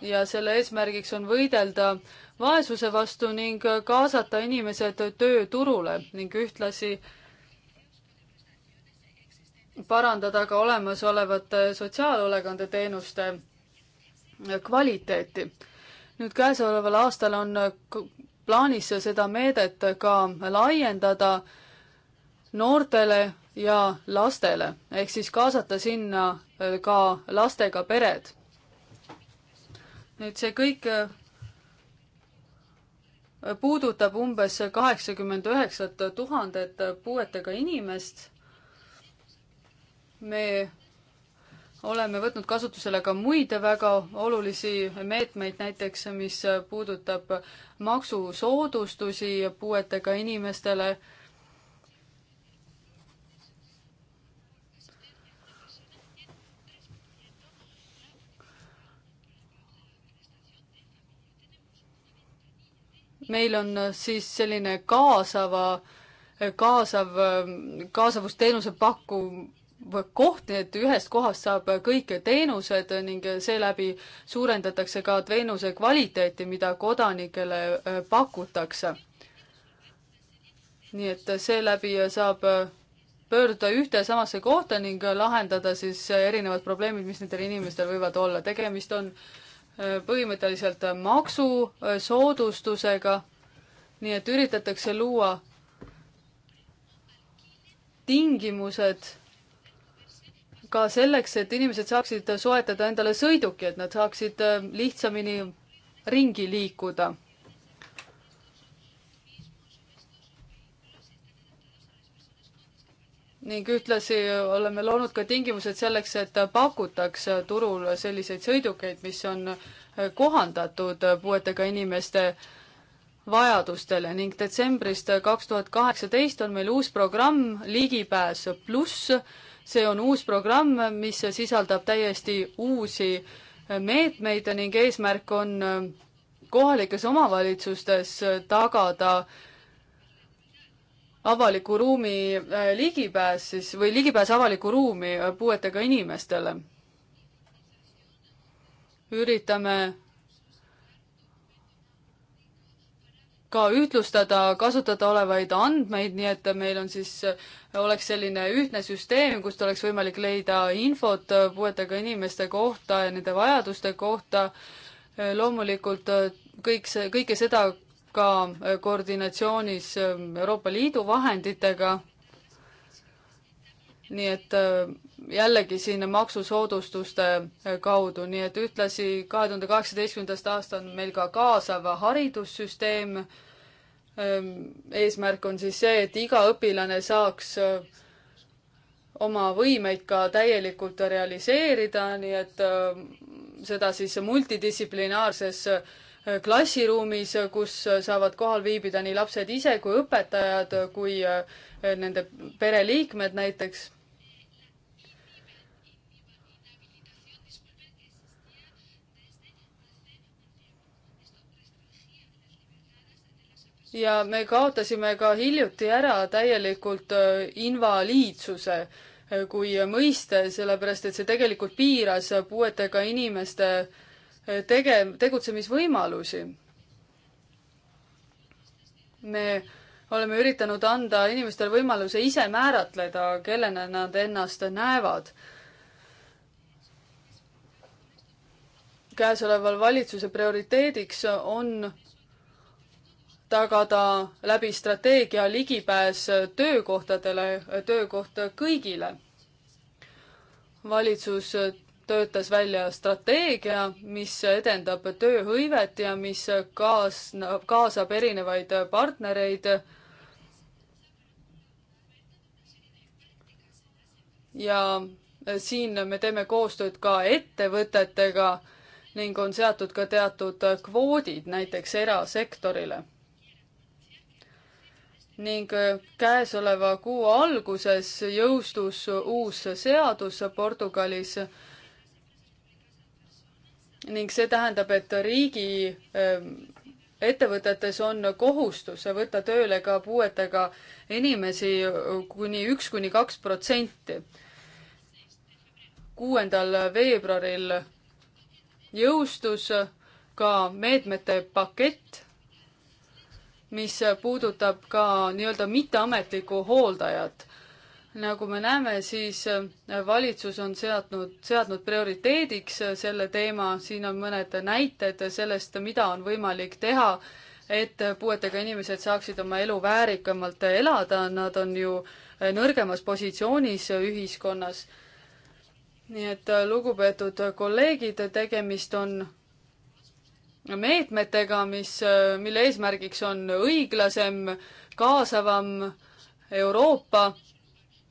Speaker 2: ja selle eesmärgiks on võidelda vaesuse vastu ning kaasata inimesed tööturule ning ühtlasi parandada ka olemasolevate sotsiaalhoolekandeteenuste kvaliteeti nüüd käesoleval aastal on äh, plaanis seda meedet ka laiendada noortele ja lastele, ehk siis kaasata sinna äh, ka lastega pered. nüüd see kõik äh, puudutab umbes kaheksakümmend üheksat tuhandet puuetega inimest. me oleme võtnud kasutusele ka muid väga olulisi meetmeid, näiteks mis puudutab maksusoodustusi puuetega inimestele. meil on siis selline kaasava, kaasav, kaasavusteenuse pakku-, koht, nii et ühest kohast saab kõik teenused ning seeläbi suurendatakse ka teenuse kvaliteeti, mida kodanikele äh, pakutakse. nii et seeläbi saab pöörduda ühte ja samasse kohta ning lahendada siis erinevad probleemid, mis nendel inimestel võivad olla. tegemist on äh, põhimõtteliselt maksusoodustusega, äh, nii et üritatakse luua tingimused ka selleks, et inimesed saaksid soetada endale sõiduki, et nad saaksid äh, lihtsamini ringi liikuda. ning ühtlasi oleme loonud ka tingimused selleks, et pakutaks turul selliseid sõidukeid, mis on äh, kohandatud puuetega inimeste vajadustele ning detsembrist kaks tuhat kaheksateist on meil uus programm Ligipääs pluss, see on uus programm, mis sisaldab täiesti uusi meetmeid ning eesmärk on äh, kohalikes omavalitsustes äh, tagada avaliku ruumi äh, ligipääs siis või ligipääs avalikku ruumi puuetega inimestele. üritame ka ühtlustada kasutada olevaid andmeid, nii et meil on siis, oleks selline ühtne süsteem, kust oleks võimalik leida infot puuetega inimeste kohta ja nende vajaduste kohta. loomulikult kõik see, kõike seda ka koordinatsioonis Euroopa Liidu vahenditega. nii et jällegi siin maksusoodustuste kaudu, nii et ühtlasi kahe tuhande kaheksateistkümnendast aastast on meil ka kaasav haridussüsteem. Ehm, eesmärk on siis see, et iga õpilane saaks äh, oma võimeid ka täielikult realiseerida, nii et äh, seda siis multidistsiplinaarses äh, klassiruumis, kus saavad kohal viibida nii lapsed ise kui õpetajad kui nende pereliikmed näiteks ja me kaotasime ka hiljuti ära täielikult äh, invaliidsuse äh, kui mõiste, sellepärast et see tegelikult piiras puuetega inimeste äh, tege-, tegutsemisvõimalusi. me oleme üritanud anda inimestele võimaluse ise määratleda, kellena nad ennast näevad käesoleval valitsuse prioriteediks on tagada läbi strateegia ligipääs töökohtadele, töökoht kõigile. valitsus töötas välja strateegia, mis edendab tööhõivet ja mis kaasnab, kaasab erinevaid partnereid. ja siin me teeme koostööd ka ettevõtetega ning on seatud ka teatud kvoodid näiteks erasektorile ning äh, käesoleva kuu alguses jõustus uus seadus Portugalis. ning see tähendab, et riigi ähm, ettevõtetes on kohustus võtta tööle ka puuetega inimesi äh, kuni üks kuni kaks protsenti. kuuendal veebruaril jõustus ka meetmete pakett mis puudutab ka nii-öelda mitteametlikku hooldajat. nagu me näeme, siis äh, valitsus on seadnud, seadnud prioriteediks äh, selle teema, siin on mõned näited sellest, mida on võimalik teha, et äh, puuetega inimesed saaksid oma elu väärikamalt elada, nad on ju nõrgemas positsioonis ühiskonnas. nii et lugupeetud kolleegid, tegemist on meetmetega, mis, äh, mille eesmärgiks on õiglasem, kaasavam Euroopa,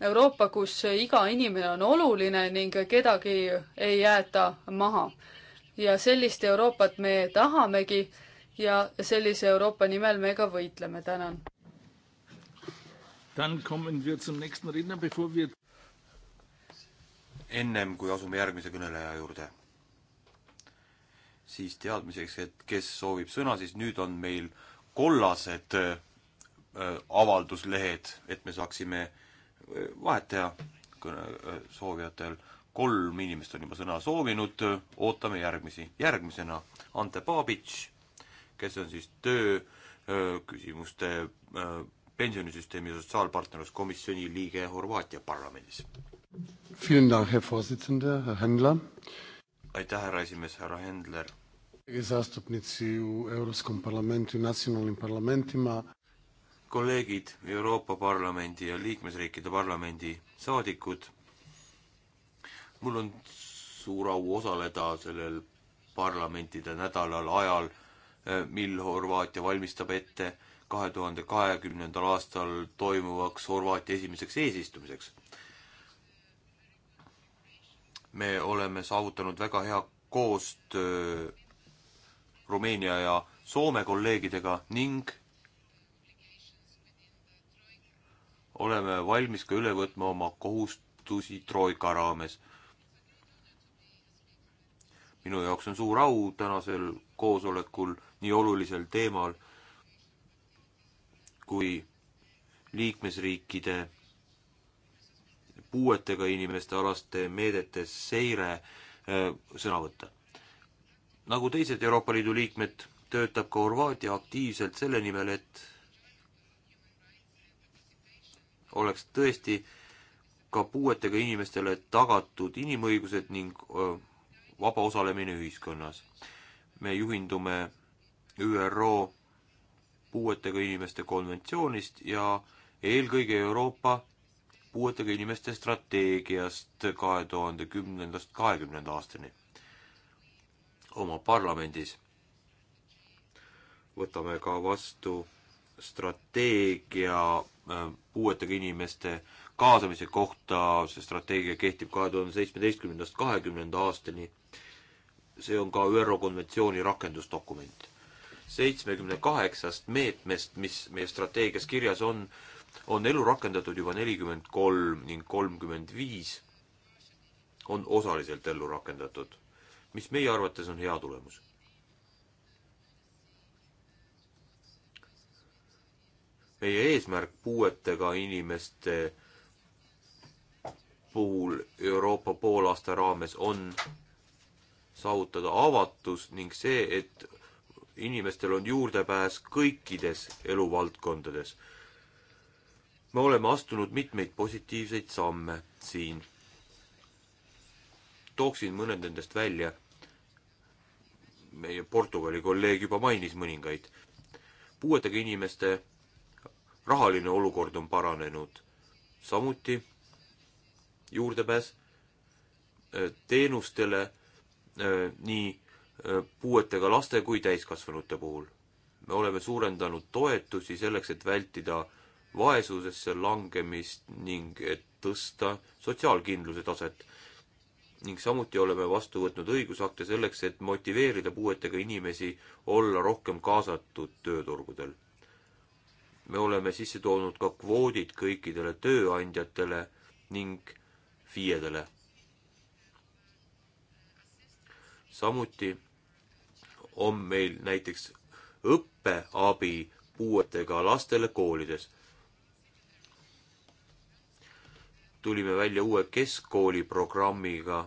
Speaker 2: Euroopa, kus iga inimene on oluline ning kedagi ei jäeta maha. ja sellist Euroopat me tahamegi ja sellise Euroopa nimel me ka võitleme, tänan.
Speaker 3: ennem kui asume järgmise kõneleja juurde siis teadmiseks, et kes soovib sõna, siis nüüd on meil kollased äh, äh, avalduslehed, et me saaksime äh, vahet teha kõne soovijatel. kolm inimest on juba sõna soovinud, ootame järgmisi. järgmisena Ante Babic, kes on siis töö küsimuste pensionisüsteemi ja sotsiaalpartnerluskomisjoni liige Horvaatia parlamendis. aitäh, härra esimees, härra Hendler zastupnici u Europskom parlamentu ja nacionalnim parlamentima. kolleegid Euroopa Parlamendi ja liikmesriikide parlamendi saadikud, mul on suur au osaleda sellel parlamentide nädalal ajal, eh, mil Horvaatia valmistab ette kahe tuhande kahekümnendal aastal toimuvaks Horvaatia esimeseks eesistumiseks. me oleme saavutanud väga hea koostöö Rumeenia ja Soome kolleegidega ning oleme valmis ka üle võtma oma kohustusi Troika raames. minu jaoks on suur au tänasel koosolekul nii olulisel teemal kui liikmesriikide puuetega inimeste alaste meedete seire äh, sõna võtta nagu teised Euroopa Liidu liikmed, töötab ka Horvaatia aktiivselt selle nimel, et oleks tõesti ka puuetega inimestele tagatud inimõigused ning vaba osalemine ühiskonnas. me juhindume ÜRO puuetega inimeste konventsioonist ja eelkõige Euroopa puuetega inimeste strateegiast kahe tuhande kümnendast kahekümnenda aastani oma parlamendis. võtame ka vastu strateegia äh, puuetega inimeste kaasamise kohta, see strateegia kehtib kahe tuhande seitsmeteistkümnendast kahekümnenda aastani. see on ka ÜRO konventsiooni rakendusdokument. seitsmekümne kaheksast meetmest, mis meie strateegias kirjas on, on elu rakendatud juba nelikümmend kolm ning kolmkümmend viis on osaliselt ellu rakendatud mis meie arvates on hea tulemus. meie eesmärk puuetega inimeste puhul Euroopa poolaasta raames on saavutada avatus ning see, et inimestel on juurdepääs kõikides eluvaldkondades. me oleme astunud mitmeid positiivseid samme siin. tooksin mõned nendest välja meie Portugali kolleeg juba mainis mõningaid. puuetega inimeste rahaline olukord on paranenud, samuti juurdepääs äh, teenustele äh, nii äh, puuetega laste kui täiskasvanute puhul. me oleme suurendanud toetusi selleks, et vältida vaesusesse langemist ning et tõsta sotsiaalkindluse taset ning samuti oleme vastu võtnud õigusakte selleks, et motiveerida puuetega inimesi olla rohkem kaasatud tööturgudel. me oleme sisse toonud ka kvoodid kõikidele tööandjatele ning FIE-dele. samuti on meil näiteks õppeabi puuetega lastele koolides tulime välja uue keskkooliprogrammiga,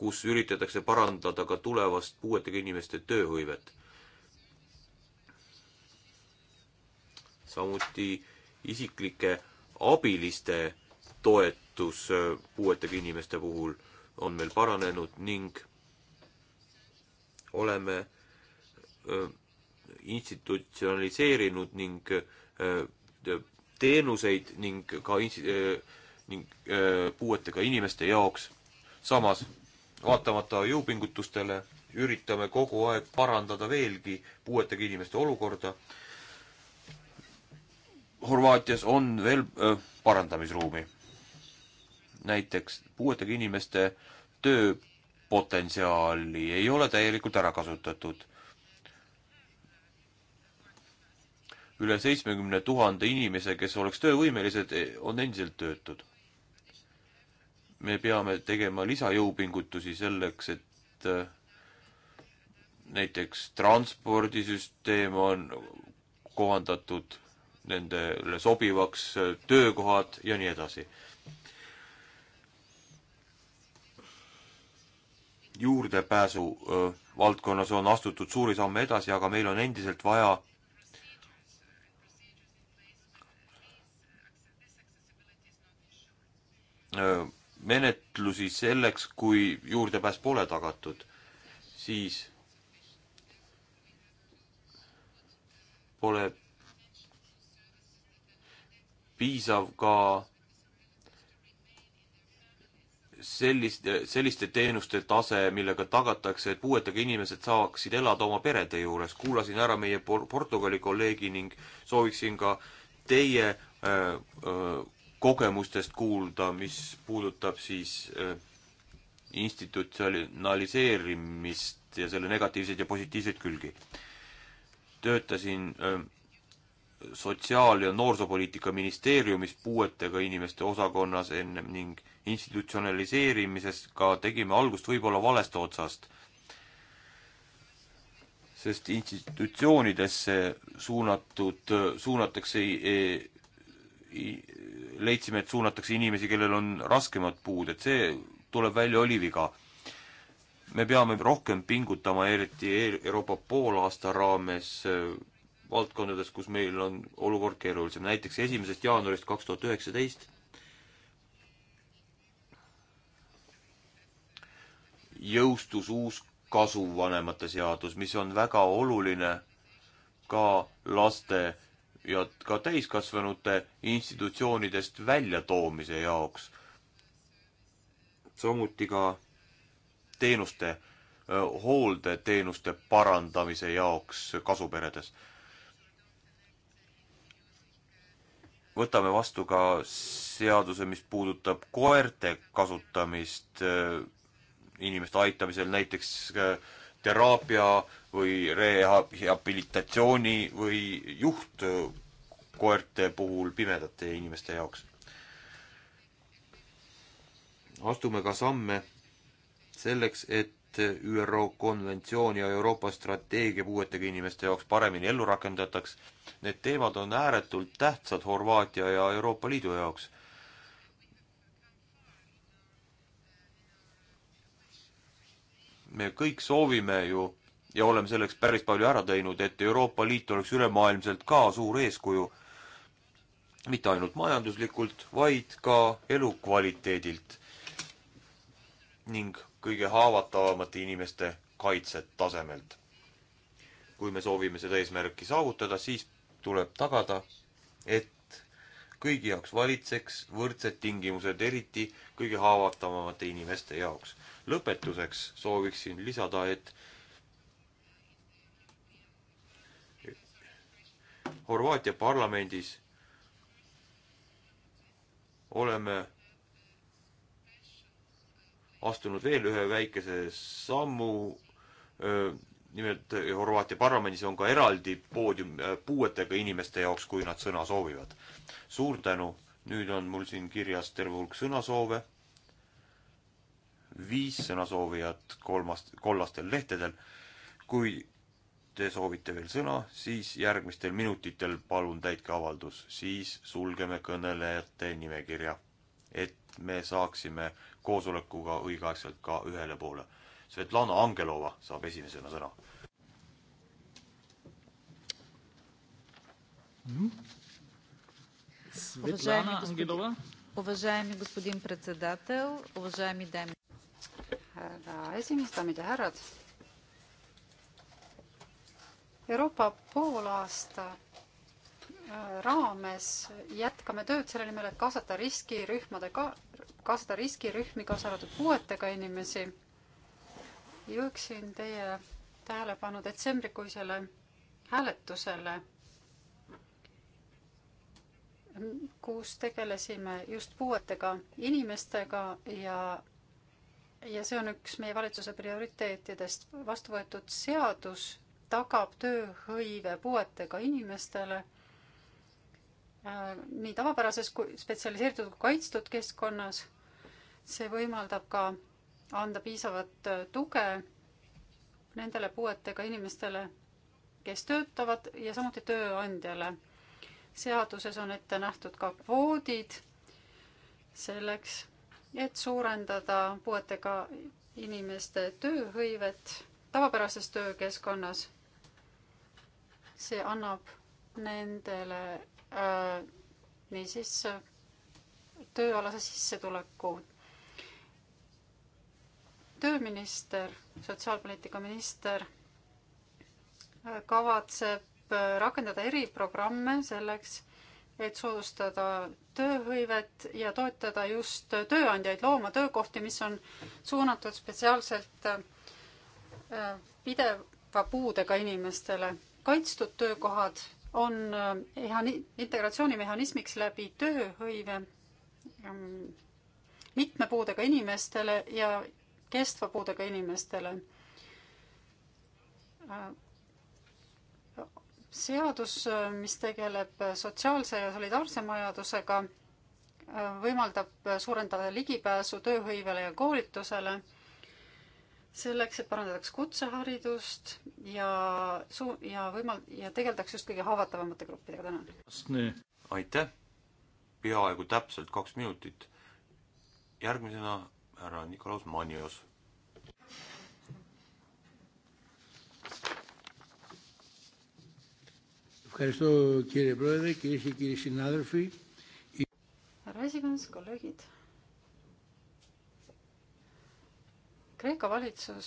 Speaker 3: kus üritatakse parandada ka tulevast puuetega inimeste tööhõivet. samuti isiklike abiliste toetus puuetega inimeste puhul on meil paranenud ning oleme äh, institutsionaliseerinud ning äh, teenuseid ning ka insi-, äh, ning äh, puuetega inimeste jaoks. samas, vaatamata jõupingutustele, üritame kogu aeg parandada veelgi puuetega inimeste olukorda. Horvaatias on veel äh, parandamisruumi. näiteks puuetega inimeste tööpotentsiaali ei ole täielikult ära kasutatud üle seitsmekümne tuhande inimese, kes oleks töövõimelised, on endiselt töötud. me peame tegema lisajõupingutusi selleks, et äh, näiteks transpordisüsteem on kohandatud nendele sobivaks, äh, töökohad ja nii edasi. juurdepääsu öö, äh, valdkonnas on astutud suuri samme edasi, aga meil on endiselt vaja menetlusi selleks, kui juurdepääs pole tagatud, siis pole piisav ka sellist, selliste teenuste tase, millega tagatakse, et puuetega inimesed saaksid elada oma perede juures. kuulasin ära meie por-, Portugali kolleegi ning sooviksin ka teie öö, öö, kogemustest kuulda, mis puudutab siis äh, institutsionaliseerimist ja selle negatiivseid ja positiivseid külgi. töötasin äh, sotsiaal- ja noorsoopoliitika ministeeriumis puuetega inimeste osakonnas ennem ning institutsionaliseerimises ka tegime algust võib-olla valest otsast. sest institutsioonidesse suunatud, suunatakse e, e, leidsime, et suunatakse inimesi, kellel on raskemad puud, et see, tuleb välja, oli viga. me peame rohkem pingutama, eriti e-, Euroopa poolaasta raames äh, valdkondades, kus meil on olukord keerulisem, näiteks esimesest jaanuarist kaks tuhat üheksateist jõustus uus kasuvanemate seadus, mis on väga oluline ka laste ja ka täiskasvanute institutsioonidest väljatoomise jaoks. samuti ka teenuste, hooldeteenuste parandamise jaoks kasuperedes. võtame vastu ka seaduse, mis puudutab koerte kasutamist inimeste aitamisel, näiteks äh, teraapia või rehabilitatsiooni või juhtkoerte puhul pimedate inimeste jaoks. astume ka samme selleks, et ÜRO konventsioon ja Euroopa strateegia puuetega inimeste jaoks paremini ellu rakendataks. Need teemad on ääretult tähtsad Horvaatia ja Euroopa Liidu jaoks me kõik soovime ju ja oleme selleks päris palju ära teinud, et Euroopa Liit oleks ülemaailmselt ka suur eeskuju, mitte ainult majanduslikult, vaid ka elukvaliteedilt ning kõige haavatavamate inimeste kaitsetasemelt. kui me soovime seda eesmärki saavutada, siis tuleb tagada, et kõigi jaoks valitseks võrdsed tingimused, eriti kõige haavatavamate inimeste jaoks lõpetuseks sooviksin lisada, et Horvaatia parlamendis oleme astunud veel ühe väikese sammu. nimelt Horvaatia parlamendis on ka eraldi poodium puuetega inimeste jaoks, kui nad sõna soovivad. suur tänu, nüüd on mul siin kirjas terve hulk sõnasoove viis sõnasoovijat kolmast, kollastel lehtedel. kui te soovite veel sõna, siis järgmistel minutitel palun täitke avaldus, siis sulgeme kõnelejate nimekirja, et me saaksime koosolekuga õigeaegselt ka ühele poole. Svetlana Angelova saab esimesena sõna
Speaker 2: mm.. Светлана Ангелова.
Speaker 1: Уважаеми господин председател, уважаеми дами härra esimees, daamid ja härrad. Euroopa poolaasta äh, raames jätkame tööd selle nimel, et kaasata riskirühmade ka,, kaasata riskirühmi, kaasa arvatud puuetega inimesi. jõuaksin teie tähelepanu detsembrikuisele hääletusele, kus tegelesime just puuetega inimestega ja ja see on üks meie valitsuse prioriteetidest. vastu võetud seadus tagab tööhõive puuetega inimestele äh, nii tavapärases kui spetsialiseeritud kui kaitstud keskkonnas. see võimaldab ka anda piisavat äh, tuge nendele puuetega inimestele, kes töötavad ja samuti tööandjale. seaduses on ette nähtud ka kvoodid selleks, et suurendada puuetega inimeste tööhõivet tavapärases töökeskkonnas. see annab nendele äh, niisiis tööalase sissetuleku. tööminister, sotsiaalpoliitika minister äh, kavatseb äh, rakendada eriprogramme selleks, et soodustada tööhõivet ja toetada just tööandjaid looma töökohti, mis on suunatud spetsiaalselt äh, pideva puudega inimestele. kaitstud töökohad on äh, integratsioonimehhanismiks läbi tööhõive ähm, mitme puudega inimestele ja kestva puudega inimestele äh, seadus, mis tegeleb sotsiaalse ja solidaarse majandusega, võimaldab suurendada ligipääsu tööhõivele ja koolitusele, selleks, et parandataks kutseharidust ja suu-, ja võimal-, ja tegeldaks just kõige haavatavamate gruppidega,
Speaker 3: tänan. aitäh, peaaegu täpselt kaks minutit. järgmisena härra Nikolaus Manios
Speaker 2: Ευχαριστώ κύριε Πρόεδρε, κυρίε και κύριοι συνάδελφοι.
Speaker 1: härra esimees, kolleegid. Kreeka valitsus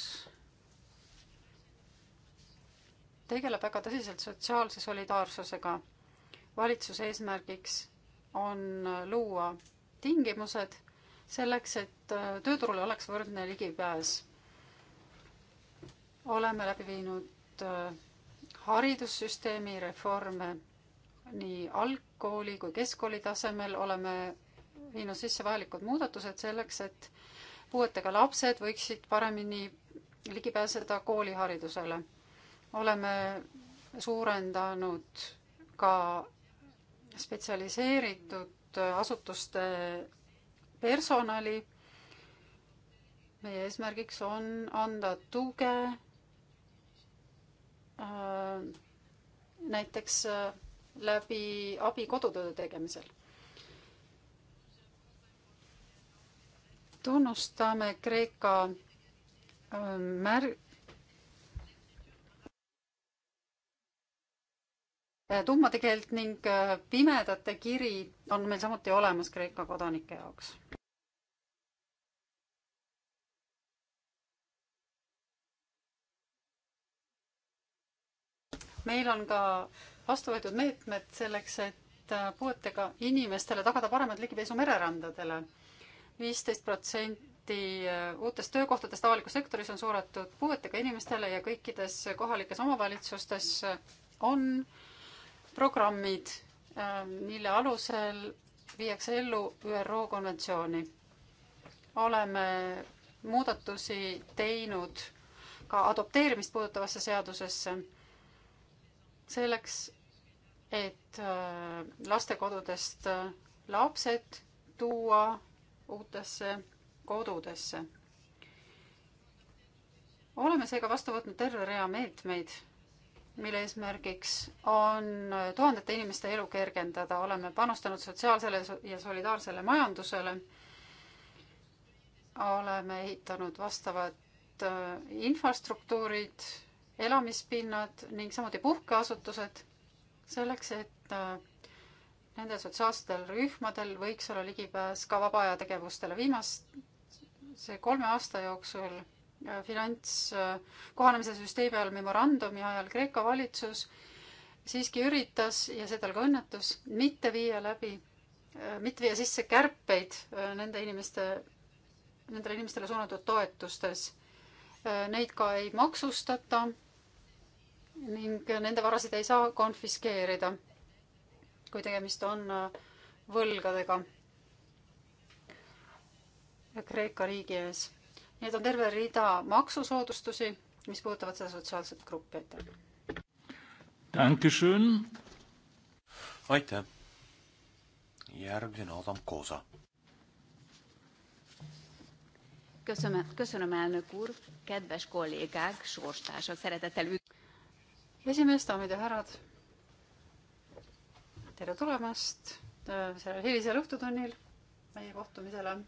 Speaker 1: tegeleb väga tõsiselt sotsiaalse solidaarsusega. valitsuse eesmärgiks on luua tingimused selleks, et äh, tööturule oleks võrdne ligipääs. oleme läbi viinud äh, haridussüsteemi reforme nii algkooli kui keskkooli tasemel oleme viinud sisse vajalikud muudatused selleks, et puuetega lapsed võiksid paremini ligi pääseda kooliharidusele. oleme suurendanud ka spetsialiseeritud asutuste personali. meie eesmärgiks on anda tuge Äh, näiteks äh, läbi abi kodutööde tegemisel. tunnustame Kreeka äh, mär-, tummade keelt ning pimedate kiri on meil samuti olemas Kreeka kodanike jaoks. meil on ka vastu võetud meetmed selleks, et äh, puuetega inimestele tagada paremat ligipääsu mererandadele. viisteist protsenti äh, uutest töökohtadest avalikus sektoris on suunatud puuetega inimestele ja kõikides kohalikes omavalitsustes äh, on programmid, mille alusel viiakse ellu ÜRO konventsiooni. oleme muudatusi teinud ka adopteerimist puudutavasse seadusesse selleks, et äh, lastekodudest äh, lapsed tuua uutesse kodudesse. oleme seega vastu võtnud terve rea meetmeid, mille eesmärgiks on äh, tuhandete inimeste elu kergendada, oleme panustanud sotsiaalsele ja solidaarsele majandusele, oleme ehitanud vastavad infrastruktuurid elamispinnad ning samuti puhkeasutused selleks, et äh, nendel sotsiaalsetel rühmadel võiks olla ligipääs ka vaba aja tegevustele. viimase kolme aasta jooksul äh, finantskohanemise äh, süsteemi ajal memorandumi ajal Kreeka valitsus siiski üritas ja see tal ka õnnetus mitte viia läbi, mitte viia sisse kärpeid nende inimeste, nendele inimestele suunatud toetustes. Neid ka ei maksustata ning nende varasid ei saa konfiskeerida, kui tegemist on äh, võlgadega Kreeka riigi ees. nii et on terve rida maksusoodustusi, mis puudutavad seda sotsiaalset gruppi, aitäh.
Speaker 3: aitäh. järgmine Adam Koosa.
Speaker 1: Köszönöm, köszönöm elnök úr, kedves kollégák, sorstársak, szeretettel üdv esimees, daamid ja härrad. tere tulemast äh, sellel hilisel õhtutunnil meie kohtumisele. on,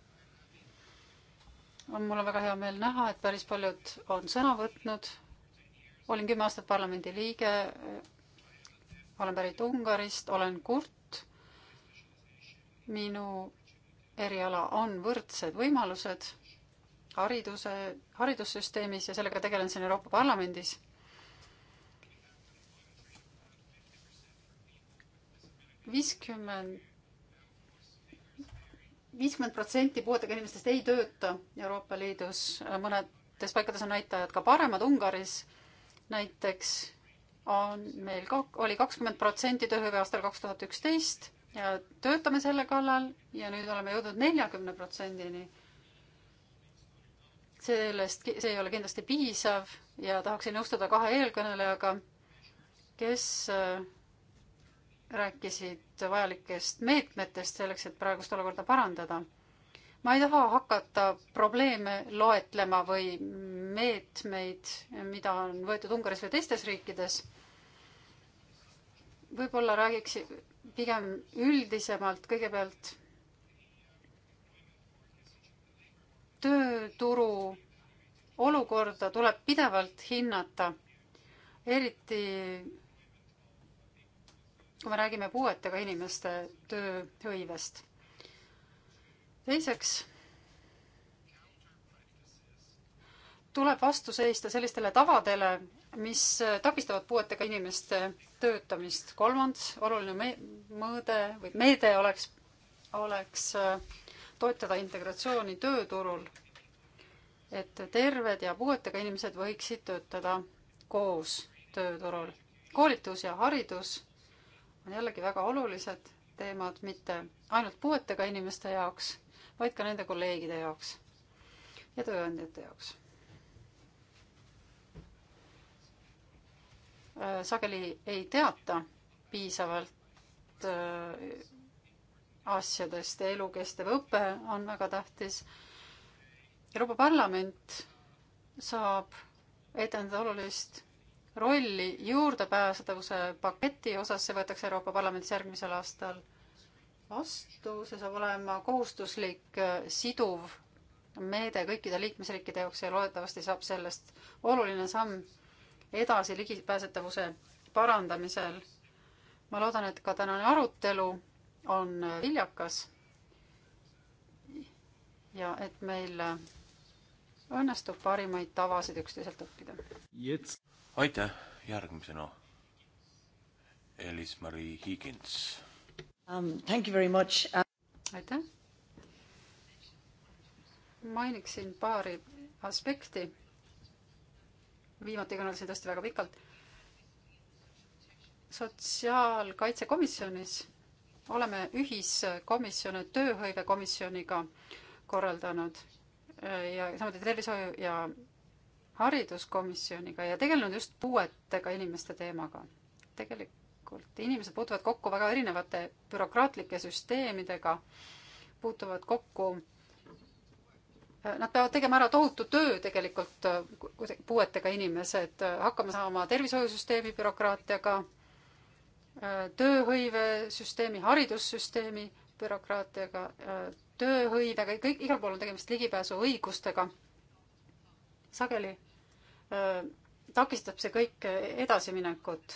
Speaker 1: mul on väga hea meel näha, et päris paljud on sõna võtnud. olin kümme aastat parlamendi liige. Äh, olen pärit Ungarist, olen kurt. minu eriala on võrdsed võimalused hariduse, haridussüsteemis ja sellega tegelen siin Euroopa Parlamendis viiskümmend, viiskümmend protsenti puuetega inimestest ei tööta Euroopa Liidus, mõnedes paikades on näitajad ka paremad, Ungaris näiteks on meil ka, oli kakskümmend protsenti tööhõive aastal kaks tuhat üksteist ja töötame selle kallal ja nüüd oleme jõudnud neljakümne protsendini. sellest, see ei ole kindlasti piisav ja tahaksin nõustuda kahe eelkõnelejaga, kes rääkisid vajalikest meetmetest selleks, et praegust olukorda parandada. ma ei taha hakata probleeme loetlema või meetmeid, mida on võetud Ungaris või teistes riikides. võib-olla räägiks pigem üldisemalt kõigepealt tööturu olukorda tuleb pidevalt hinnata, eriti kui me räägime puuetega inimeste tööhõivest. teiseks tuleb vastu seista sellistele tavadele, mis takistavad puuetega inimeste töötamist. kolmandas oluline mõõde või meede oleks, oleks äh, toetada integratsiooni tööturul, et terved ja puuetega inimesed võiksid töötada koos tööturul. koolitus ja haridus on jällegi väga olulised teemad mitte ainult puuetega inimeste jaoks, vaid ka nende kolleegide jaoks ja tööandjate jaoks. Äh, sageli ei teata piisavalt äh, asjadest ja elukestev õpe on väga tähtis. Euroopa Parlament saab etendada olulist rolli juurdepääsetavuse paketi osas, see võetakse Euroopa Parlamendis järgmisel aastal vastu, see saab olema kohustuslik siduv meede kõikide liikmesriikide jaoks ja loodetavasti saab sellest oluline samm edasi ligipääsetavuse parandamisel. ma loodan, et ka tänane arutelu on viljakas. ja et meil õnnestub parimaid tavasid üksteiselt õppida
Speaker 3: aitäh, järgmisena Elis-Marie Higins
Speaker 1: um,. Thank you very much um.... aitäh. mainiksin paari aspekti. viimati kõnelesin tõesti väga pikalt. sotsiaalkaitsekomisjonis oleme ühiskomisjone tööhõivekomisjoniga korraldanud äh, ja samuti tervishoiu ja hariduskomisjoniga ja tegelenud just puuetega inimeste teemaga. tegelikult inimesed puutuvad kokku väga erinevate bürokraatlike süsteemidega, puutuvad kokku, nad peavad tegema ära tohutu töö tegelikult, puuetega inimesed, hakkama saama tervishoiusüsteemi bürokraatiaga, tööhõivesüsteemi, haridussüsteemi bürokraatiaga, tööhõivega, kõik, igal pool on tegemist ligipääsuõigustega sageli takistab see kõik edasiminekut.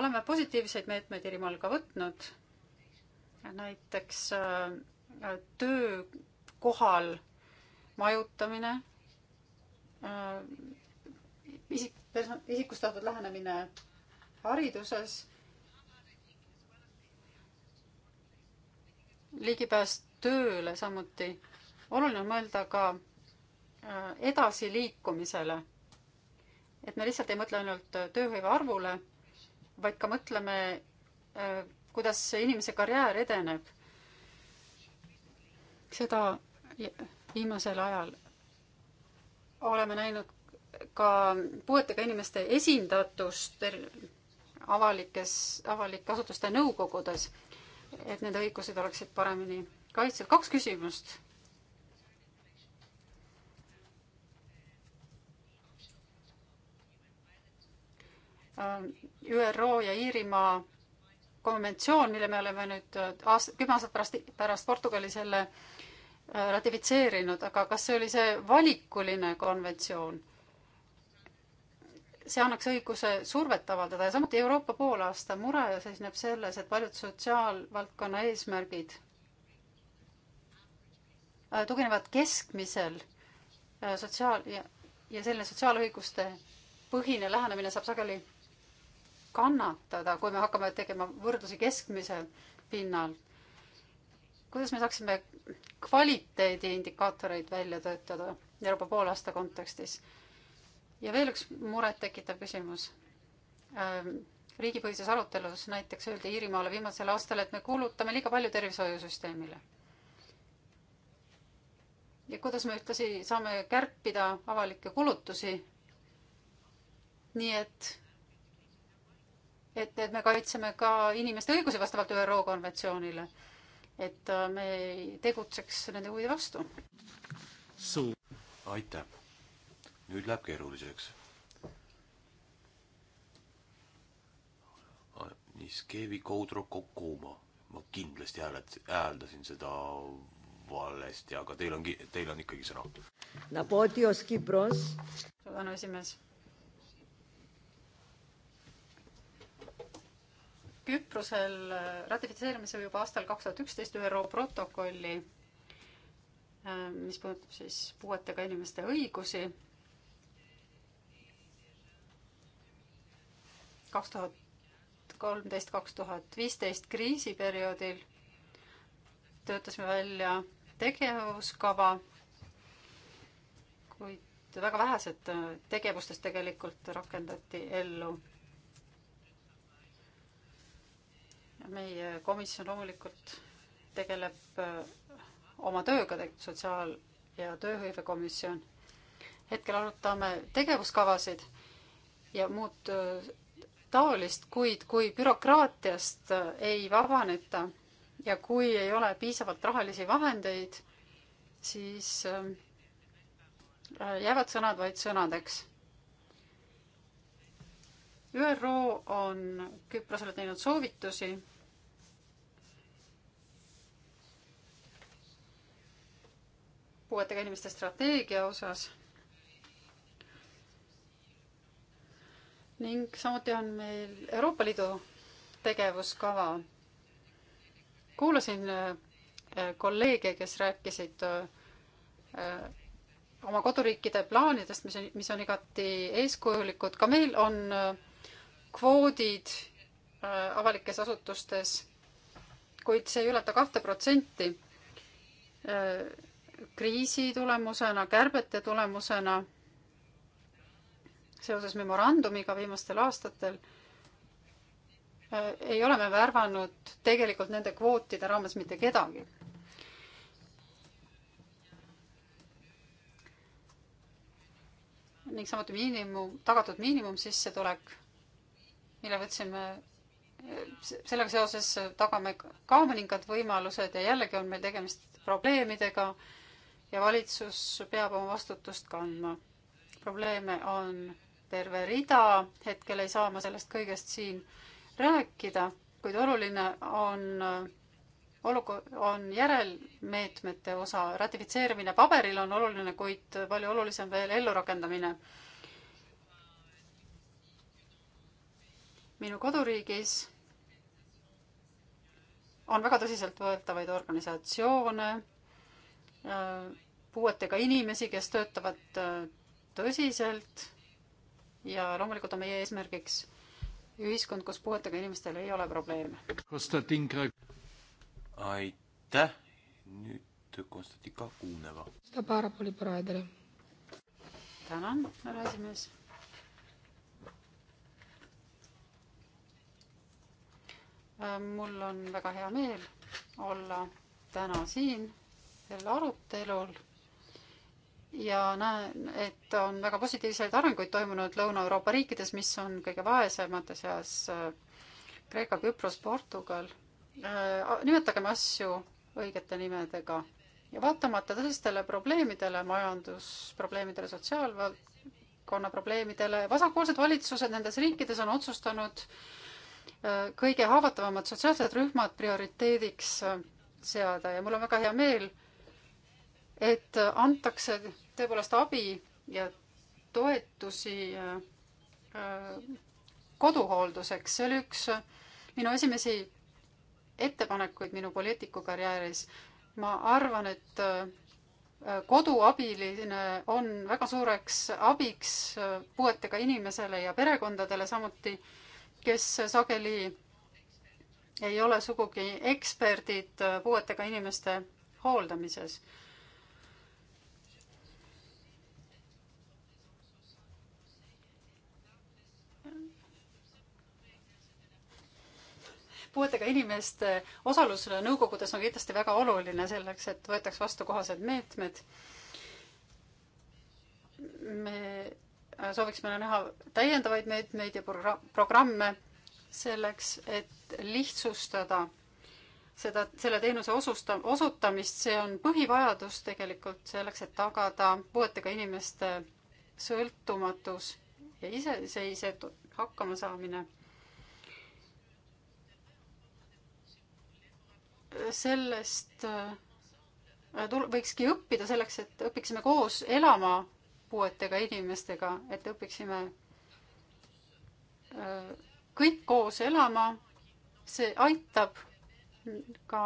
Speaker 1: oleme positiivseid meetmeid Iirimaal ka võtnud. näiteks töökohal majutamine, isik, isikustatud lähenemine hariduses, ligipääs tööle samuti. oluline on mõelda ka edasiliikumisele et me lihtsalt ei mõtle ainult äh, tööhõive arvule, vaid ka mõtleme, äh, kuidas inimese karjäär edeneb. seda viimasel ajal oleme näinud ka puuetega inimeste esindatust avalikes, avalike asutuste nõukogudes, et nende õigused oleksid paremini kaitstud. kaks küsimust Äh, ÜRO ja Iirimaa konventsioon, mille me oleme nüüd äh, aast-, kümme aastat pärast, pärast Portugali selle äh, ratifitseerinud, aga kas see oli see valikuline konventsioon? see annaks õiguse survet avaldada ja samuti Euroopa poolaasta mure seisneb selles, et paljud sotsiaalvaldkonna eesmärgid tuginevad keskmisel sotsiaal- ja, ja selline sotsiaalõiguste põhine lähenemine saab sageli kannatada, kui me hakkame tegema võrdlusi keskmise pinnal. kuidas me saaksime kvaliteediindikaatoreid välja töötada Euroopa poolaasta kontekstis? ja veel üks murettekitav küsimus. Ähm, riigipõhises arutelus näiteks öeldi Iirimaale viimasel aastal, et me kulutame liiga palju tervishoiusüsteemile. ja kuidas me ühtlasi saame kärpida avalikke kulutusi, nii et et, et me kaitseme ka inimeste õigusi vastavalt ÜRO konventsioonile. et äh, me tegutseks nende huvide vastu.
Speaker 3: aitäh. nüüd läheb keeruliseks. Ah, nii, Skeevi Koudro Kokuma, ma kindlasti hääled, hääldasin seda valesti, aga teil on, teil on ikkagi sõna.
Speaker 1: suur tänu, esimees Küprosel ratifitseerimise juba aastal kaks tuhat üksteist ÜRO protokolli, mis puudutab siis puuetega inimeste õigusi. kaks tuhat kolmteist, kaks tuhat viisteist kriisiperioodil töötasime välja tegevuskava, kuid väga vähesed tegevustest tegelikult rakendati ellu meie komisjon loomulikult tegeleb äh, oma tööga, sotsiaal- ja tööhõivekomisjon. hetkel arutame tegevuskavasid ja muud äh, taolist, kuid kui bürokraatiast äh, ei vabaneta ja kui ei ole piisavalt rahalisi vahendeid, siis jäävad sõnad vaid sõnadeks. ÜRO on Küprosele teinud soovitusi puuetega inimeste strateegia osas. ning samuti on meil Euroopa Liidu tegevuskava. kuulasin äh, kolleege, kes rääkisid äh, oma koduriikide plaanidest, mis on, mis on igati eeskujulikud. ka meil on äh, kvoodid avalikes asutustes, kuid see ei ületa kahte protsenti kriisi tulemusena, kärbete tulemusena seoses memorandumiga viimastel aastatel eh, ei ole me värvanud tegelikult nende kvootide raames mitte kedagi. ning samuti miinimum, tagatud miinimumsissetulek, mille võtsime, sellega seoses tagame ka mõningad võimalused ja jällegi on meil tegemist probleemidega ja valitsus peab oma vastutust kandma. probleeme on terve rida, hetkel ei saa ma sellest kõigest siin rääkida, kuid oluline on olukord, on järelmeetmete osa, ratifitseerimine paberil on oluline, kuid palju olulisem veel ellurakendamine. minu koduriigis on väga tõsiseltvõetavaid organisatsioone, puuetega inimesi, kes töötavad äh, tõsiselt ja loomulikult on meie eesmärgiks ühiskond, kus puuetega inimestel ei ole probleeme.
Speaker 3: aitäh, nüüd Konstantika Kuuneva.
Speaker 1: tänan, härra esimees. Äh, mul on väga hea meel olla täna siin sellel arutelul ja näen, et on väga positiivseid arenguid toimunud Lõuna-Euroopa riikides, mis on kõige vaesemate seas äh, Kreeka, Küpros, Portugal. Äh, nimetagem asju õigete nimedega ja vaatamata tõsistele probleemidele, majandusprobleemidele, sotsiaalvaldkonna probleemidele, vasakpoolsed valitsused nendes riikides on otsustanud äh, kõige haavatavamad sotsiaalsed rühmad prioriteediks seada ja mul on väga hea meel, et antakse tõepoolest abi ja toetusi äh, koduhoolduseks, see oli üks äh, minu esimesi ettepanekuid minu poliitikukarjääris. ma arvan, et äh, koduabiline on väga suureks abiks puuetega inimesele ja perekondadele samuti, kes sageli ei ole sugugi eksperdid puuetega inimeste hooldamises puuetega inimeste osalus nõukogudes on kindlasti väga oluline selleks, et võetaks vastu kohased meetmed. me sooviksime näha täiendavaid meetmeid ja programme selleks, et lihtsustada seda, selle teenuse osusta-, osutamist, see on põhivajadus tegelikult selleks, et tagada puuetega inimeste sõltumatus ja iseseisev hakkamasaamine sellest äh, võikski õppida selleks, et õpiksime koos elama puuetega inimestega, et õpiksime äh, kõik koos elama. see aitab ka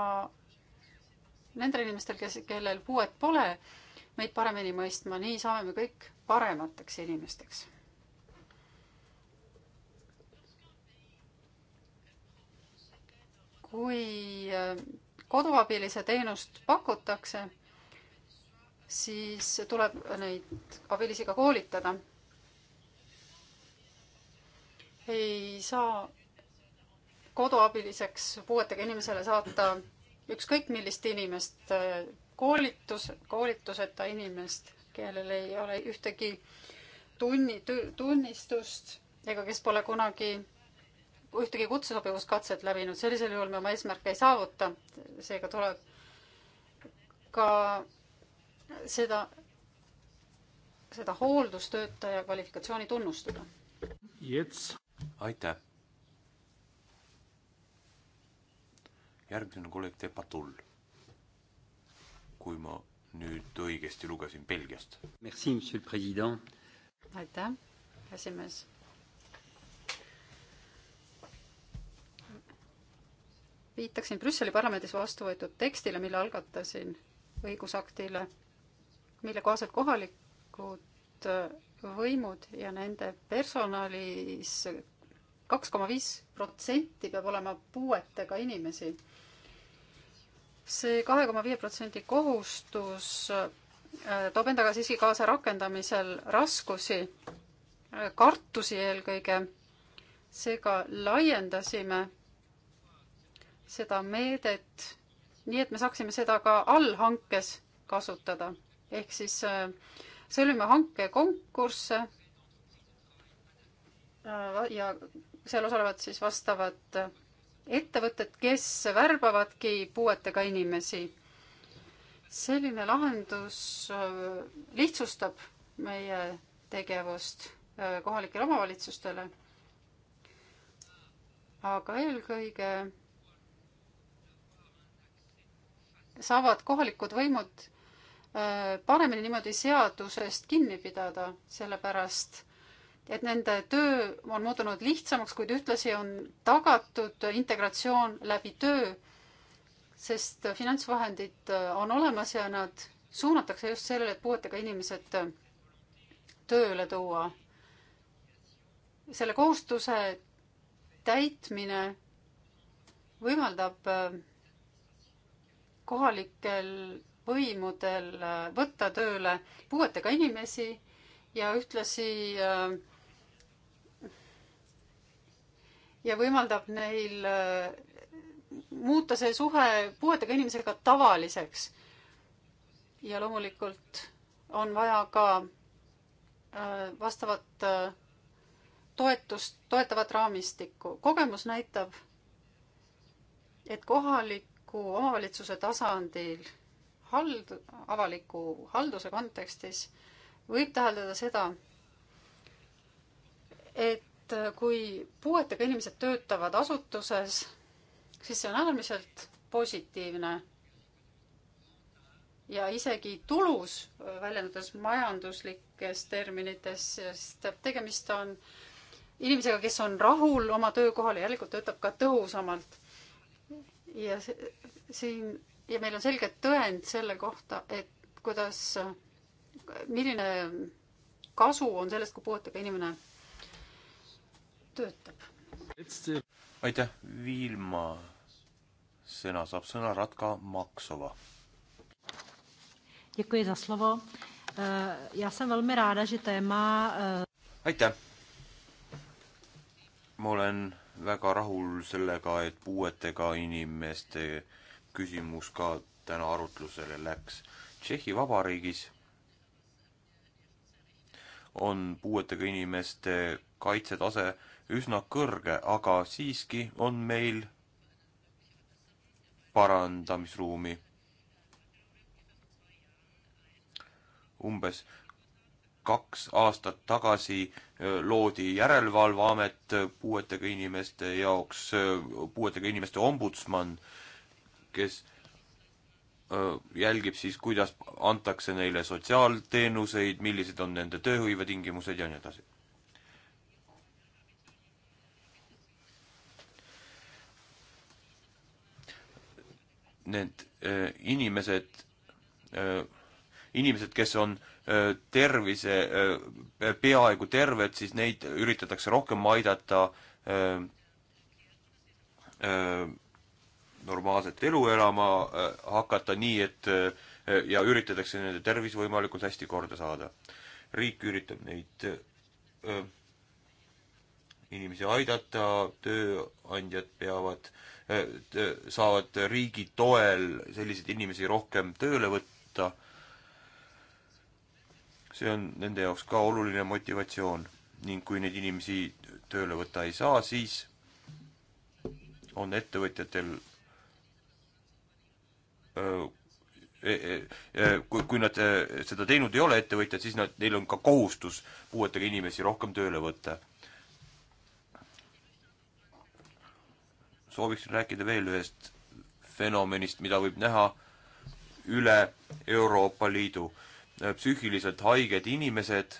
Speaker 1: nendel inimestel, kes, kellel puuet pole, meid paremini mõistma, nii saame me kõik paremateks inimesteks. kui äh, koduabilise teenust pakutakse, siis tuleb neid abilisi ka koolitada. ei saa koduabiliseks puuetega inimesele saata ükskõik millist inimest, koolitus, koolituseta inimest, kellel ei ole ühtegi tunni, tunnistust ega kes pole kunagi ühtegi kutsesobivuskatset läbinud, sellisel juhul me oma eesmärke ei saavuta, seega tuleb ka seda, seda hooldustöötaja kvalifikatsiooni tunnustada.
Speaker 3: aitäh. järgmine kolleeg teeb patrull. kui ma nüüd õigesti lugesin Belgiast.
Speaker 1: aitäh, esimees viitaksin Brüsseli parlamendis vastu võetud tekstile, mille algatasin õigusaktile, mille kohaselt kohalikud äh, võimud ja nende personalis kaks koma viis protsenti peab olema puuetega inimesi see. see kahe koma viie protsendi kohustus äh, toob endaga siiski kaasa rakendamisel raskusi, äh, kartusi eelkõige. seega laiendasime seda meedet, nii et me saaksime seda ka allhankes kasutada. ehk siis äh, sõlmime hanke konkursse äh, ja seal osalevad siis vastavad äh, ettevõtted, kes värbavadki puuetega inimesi. selline lahendus lihtsustab meie tegevust kohalikele omavalitsustele. aga eelkõige saavad kohalikud võimud paremini niimoodi seadusest kinni pidada, sellepärast et nende töö on muutunud lihtsamaks, kuid ühtlasi on tagatud integratsioon läbi töö, sest finantsvahendid on olemas ja nad suunatakse just sellele, et puuetega inimesed tööle tuua. selle kohustuse täitmine võimaldab kohalikel võimudel äh, võtta tööle puuetega inimesi ja ühtlasi äh, ja võimaldab neil äh, muuta see suhe puuetega inimesega tavaliseks. ja loomulikult on vaja ka vastavat toetust, toetavat raamistikku. kogemus näitab, et kohalik kohaliku omavalitsuse tasandil hald-, avaliku halduse kontekstis võib täheldada seda, et kui puuetega inimesed töötavad asutuses, siis see on äärmiselt positiivne ja isegi tulus, väljendudes majanduslikes terminites, sest tegemist on inimesega, kes on rahul oma töökohal ja järelikult töötab ka tõhusamalt ja see, siin ja meil on selge tõend selle kohta, et kuidas, milline kasu on sellest, kui puuetega inimene töötab.
Speaker 3: aitäh, Vilma. sõna saab sõna Ratka Maksova.
Speaker 1: Eh, eh,
Speaker 3: aitäh. ma olen väga rahul sellega, et puuetega inimeste küsimus ka täna arutlusele läks. Tšehhi Vabariigis on puuetega inimeste kaitsetase üsna kõrge, aga siiski on meil parandamisruumi. umbes kaks aastat tagasi loodi Järelevalveamet puuetega inimeste jaoks, puuetega inimeste ombudsman, kes jälgib siis, kuidas antakse neile sotsiaalteenuseid, millised on nende tööhõivetingimused ja nii edasi. Need inimesed, inimesed, kes on äh, tervise, peaaegu terved, siis neid üritatakse rohkem aidata normaalset elu elama hakata, nii et ja üritatakse nende tervis võimalikult hästi korda saada. riik üritab neid öö, inimesi aidata, tööandjad peavad, saavad riigi toel selliseid inimesi rohkem tööle võtta see on nende jaoks ka oluline motivatsioon ning kui neid inimesi tööle võtta ei saa, siis on ettevõtjatel e, e, e, kui, kui nad seda teinud ei ole, ettevõtjad, siis nad, neil on ka kohustus puuetega inimesi rohkem tööle võtta. sooviksin rääkida veel ühest fenomenist, mida võib näha üle Euroopa Liidu äh, Äh, psüühiliselt haiged inimesed,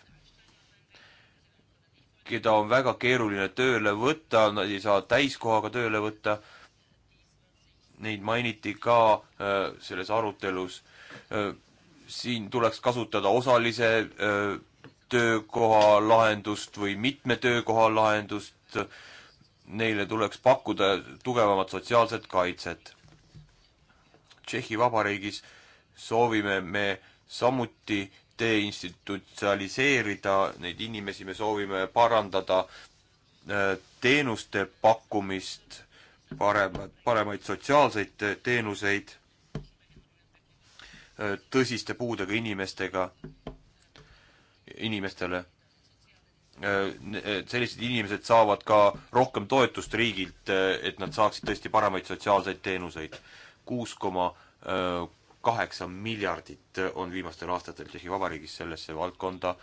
Speaker 3: keda on väga keeruline tööle võtta, nad ei saa täiskohaga tööle võtta. Neid mainiti ka äh, selles arutelus äh,. siin tuleks kasutada osalise äh, töökoha lahendust või mitme töökoha lahendust. Neile tuleks pakkuda tugevamat sotsiaalset kaitset. Tšehhi Vabariigis soovime me samuti deinstitutsionaliseerida neid inimesi, me soovime parandada äh, teenuste pakkumist, paremad, paremaid sotsiaalseid teenuseid äh, tõsiste puudega inimestega, inimestele. Äh, sellised inimesed saavad ka rohkem toetust riigilt, et nad saaksid tõesti paremaid sotsiaalseid teenuseid. kuus koma kaheksa miljardit on viimastel aastatel Tšehhi Vabariigis sellesse valdkonda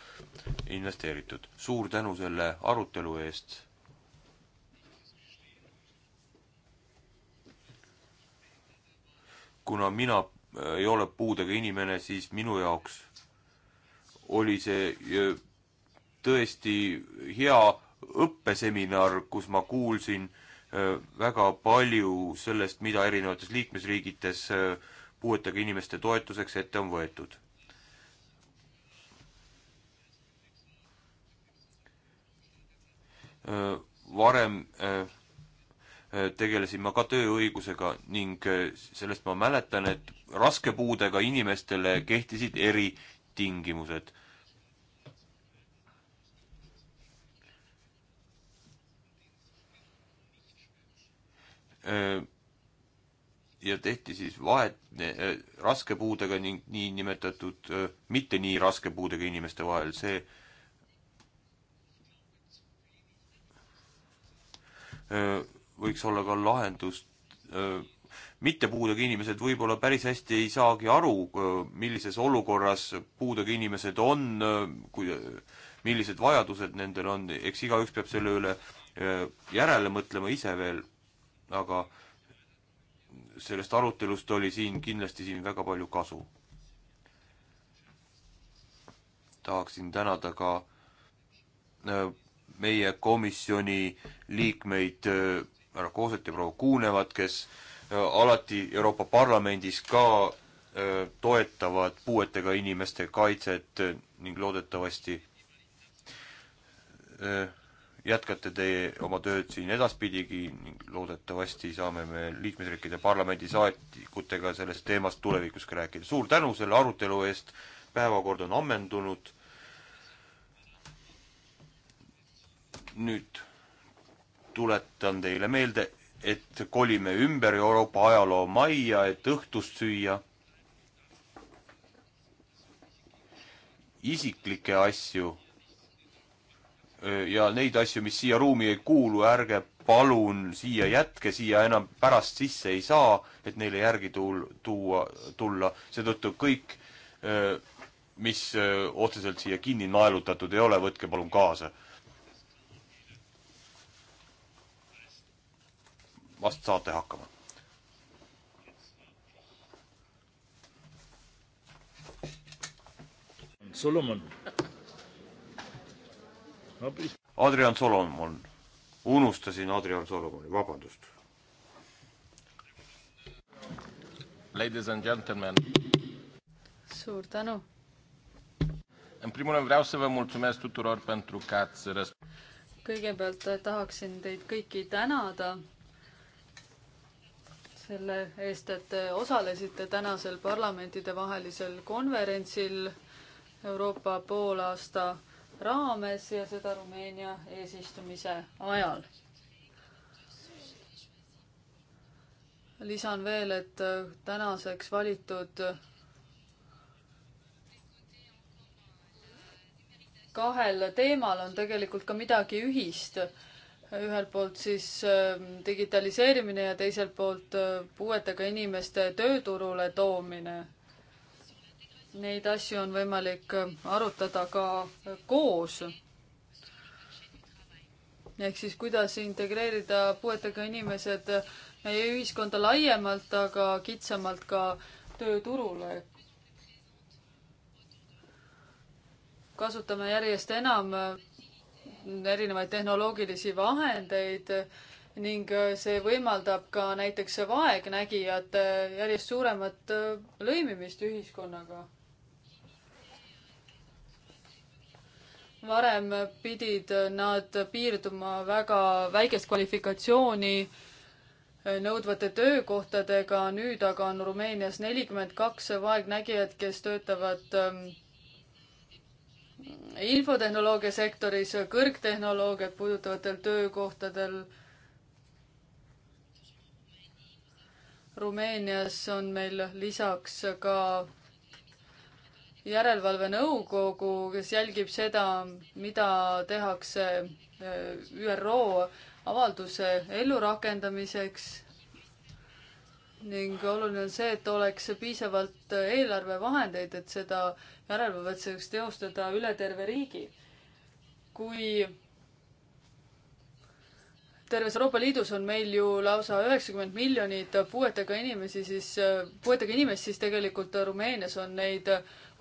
Speaker 3: investeeritud. suur tänu selle arutelu eest. kuna mina äh, ei ole puudega inimene, siis minu jaoks oli see äh, tõesti hea õppeseminar, kus ma kuulsin äh, väga palju sellest, mida erinevates liikmesriigites äh, puuetega inimeste toetuseks ette on võetud. varem äh, äh, tegelesin ma ka tööõigusega ning äh, sellest ma mäletan, et raske puudega inimestele kehtisid eritingimused. Äh, ja tehti siis vahet äh, raske puudega ning niinimetatud äh, mitte nii raske puudega inimeste vahel, see äh, võiks olla ka lahendus äh, mitte puudega inimesed võib-olla päris hästi ei saagi aru, äh, millises olukorras puudega inimesed on, äh, kui, äh, millised vajadused nendel on, eks igaüks peab selle üle järele mõtlema ise veel, aga äh, sellest arutelust oli siin kindlasti siin väga palju kasu. tahaksin tänada ka äh, meie komisjoni liikmeid äh, härra Kooset ja proua Kuunevat, kes äh, alati Euroopa Parlamendis ka toetavad puuetega inimeste kaitset ning loodetavasti jätkate teie oma tööd siin edaspidigi ning loodetavasti saame me liikmesriikide parlamendisaatikutega sellest teemast tulevikus ka rääkida. suur tänu selle arutelu eest, päevakord on ammendunud. nüüd tuletan teile meelde, et kolime ümber Euroopa ajaloo majja, et õhtust süüa. isiklikke asju ja neid asju, mis siia ruumi ei kuulu, ärge palun siia jätke, siia enam pärast sisse ei saa, et neile järgi tuul-, tuua, tulla, seetõttu kõik, mis otseselt siia kinni naelutatud ei ole, võtke palun kaasa. vast saate hakkama. Solomon Adrian Solomon, unustasin Adrian Solomoni, vabandust. Ladies and gentlemen.
Speaker 2: Suur tänu.
Speaker 3: În primul rând vreau să vă mulțumesc tuturor pentru că ați răspuns.
Speaker 2: Kõigepealt tahaksin teid kõiki tänada selle eest, et te osalesite tänasel parlamentidevahelisel konverentsil Euroopa poolaasta raames ja seda Rumeenia eesistumise ajal. lisan veel, et äh, tänaseks valitud kahel teemal on tegelikult ka midagi ühist. ühelt poolt siis ähm, digitaliseerimine ja teiselt poolt äh, puuetega inimeste tööturule toomine Neid asju on võimalik äh, arutada ka äh, koos. ehk siis, kuidas integreerida puuetega inimesed äh, meie ühiskonda laiemalt, aga kitsamalt ka tööturule. kasutame järjest enam erinevaid tehnoloogilisi vahendeid ning see võimaldab ka näiteks vaegnägijate järjest suuremat lõimimist ühiskonnaga. varem pidid nad piirduma väga väikest kvalifikatsiooni nõudvate töökohtadega, nüüd aga on Rumeenias nelikümmend kaks vaegnägijat, kes töötavad ähm, infotehnoloogia sektoris, kõrgtehnoloogiat puudutavatel töökohtadel. Rumeenias on meil lisaks ka järelevalvenõukogu, kes jälgib seda, mida tehakse äh, ÜRO avalduse ellurakendamiseks ning oluline on see, et oleks piisavalt eelarvevahendeid, et seda järelevalvet saaks teostada üle terve riigi. kui terves Euroopa Liidus on meil ju lausa üheksakümmend miljonit puuetega inimesi, siis, puuetega inimest, siis tegelikult Rumeenias on neid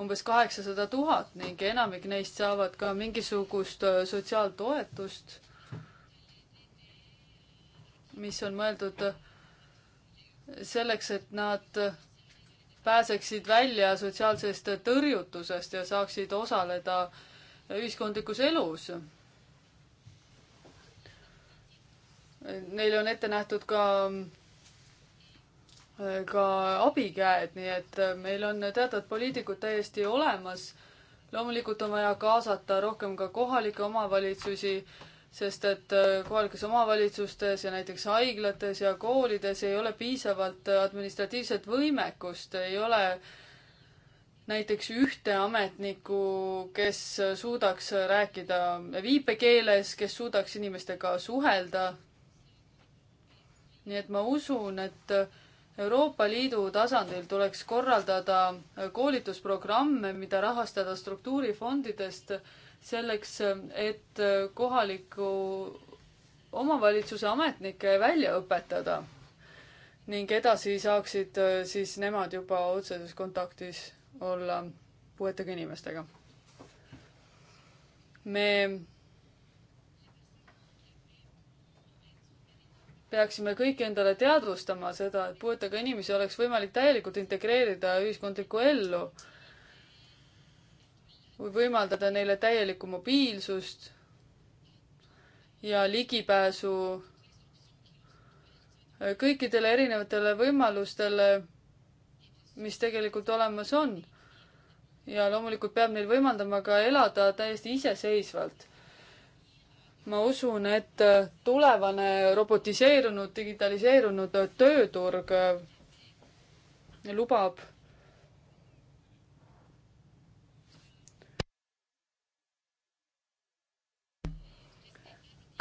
Speaker 2: umbes kaheksasada tuhat ning enamik neist saavad ka mingisugust äh, sotsiaaltoetust, mis on mõeldud äh, selleks, et nad äh, pääseksid välja sotsiaalsest tõrjutusest ja saaksid osaleda ühiskondlikus elus. Neile on ette nähtud ka mm, ka abikäed, nii et äh, meil on teatud poliitikud täiesti olemas. loomulikult on vaja kaasata rohkem ka kohalikke omavalitsusi, sest et äh, kohalikes omavalitsustes ja näiteks haiglates ja koolides ei ole piisavalt administratiivset võimekust, ei ole näiteks ühte ametnikku, kes suudaks rääkida viipekeeles, kes suudaks inimestega suhelda. nii et ma usun, et Euroopa Liidu tasandil tuleks korraldada äh, koolitusprogramme, mida rahastada struktuurifondidest selleks, et äh, kohaliku omavalitsuse ametnikke välja õpetada. ning edasi saaksid äh, siis nemad juba otseses kontaktis olla puuetega inimestega. me peaksime kõik endale teadvustama seda, et puuetega inimesi oleks võimalik täielikult integreerida ühiskondlikku ellu. võimaldada neile täielikku mobiilsust ja ligipääsu kõikidele erinevatele võimalustele, mis tegelikult olemas on. ja loomulikult peab neil võimaldama ka elada täiesti iseseisvalt ma usun, et äh, tulevane robotiseerunud, digitaliseerunud äh, tööturg äh, lubab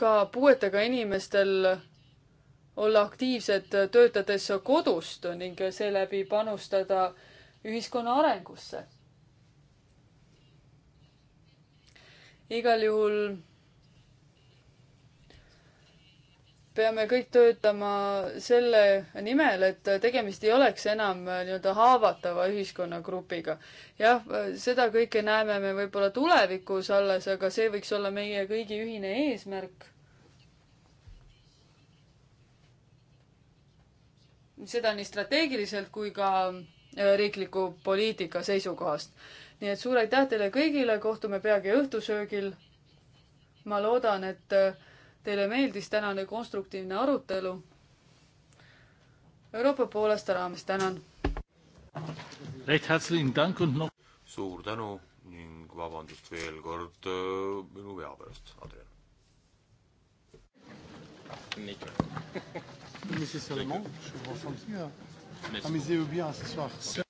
Speaker 2: ka puuetega inimestel olla aktiivsed töötades kodust ning seeläbi panustada ühiskonna arengusse. igal juhul peame kõik töötama selle nimel, et tegemist ei oleks enam nii-öelda haavatava ühiskonnagrupiga. jah, seda kõike näeme me võib-olla tulevikus alles, aga see võiks olla meie kõigi ühine eesmärk. seda nii strateegiliselt kui ka äh, riikliku poliitika seisukohast. nii et suur aitäh teile kõigile, kohtume peagi õhtusöögil. ma loodan, et äh, teile meeldis tänane konstruktiivne arutelu. Euroopa poolaasta raames tänan.
Speaker 3: suur tänu ning vabandust veel kord äh, minu vea
Speaker 1: pärast, Adrian. Monsieur Salomon, je vous ressentir. Amusez-vous bien ce soir.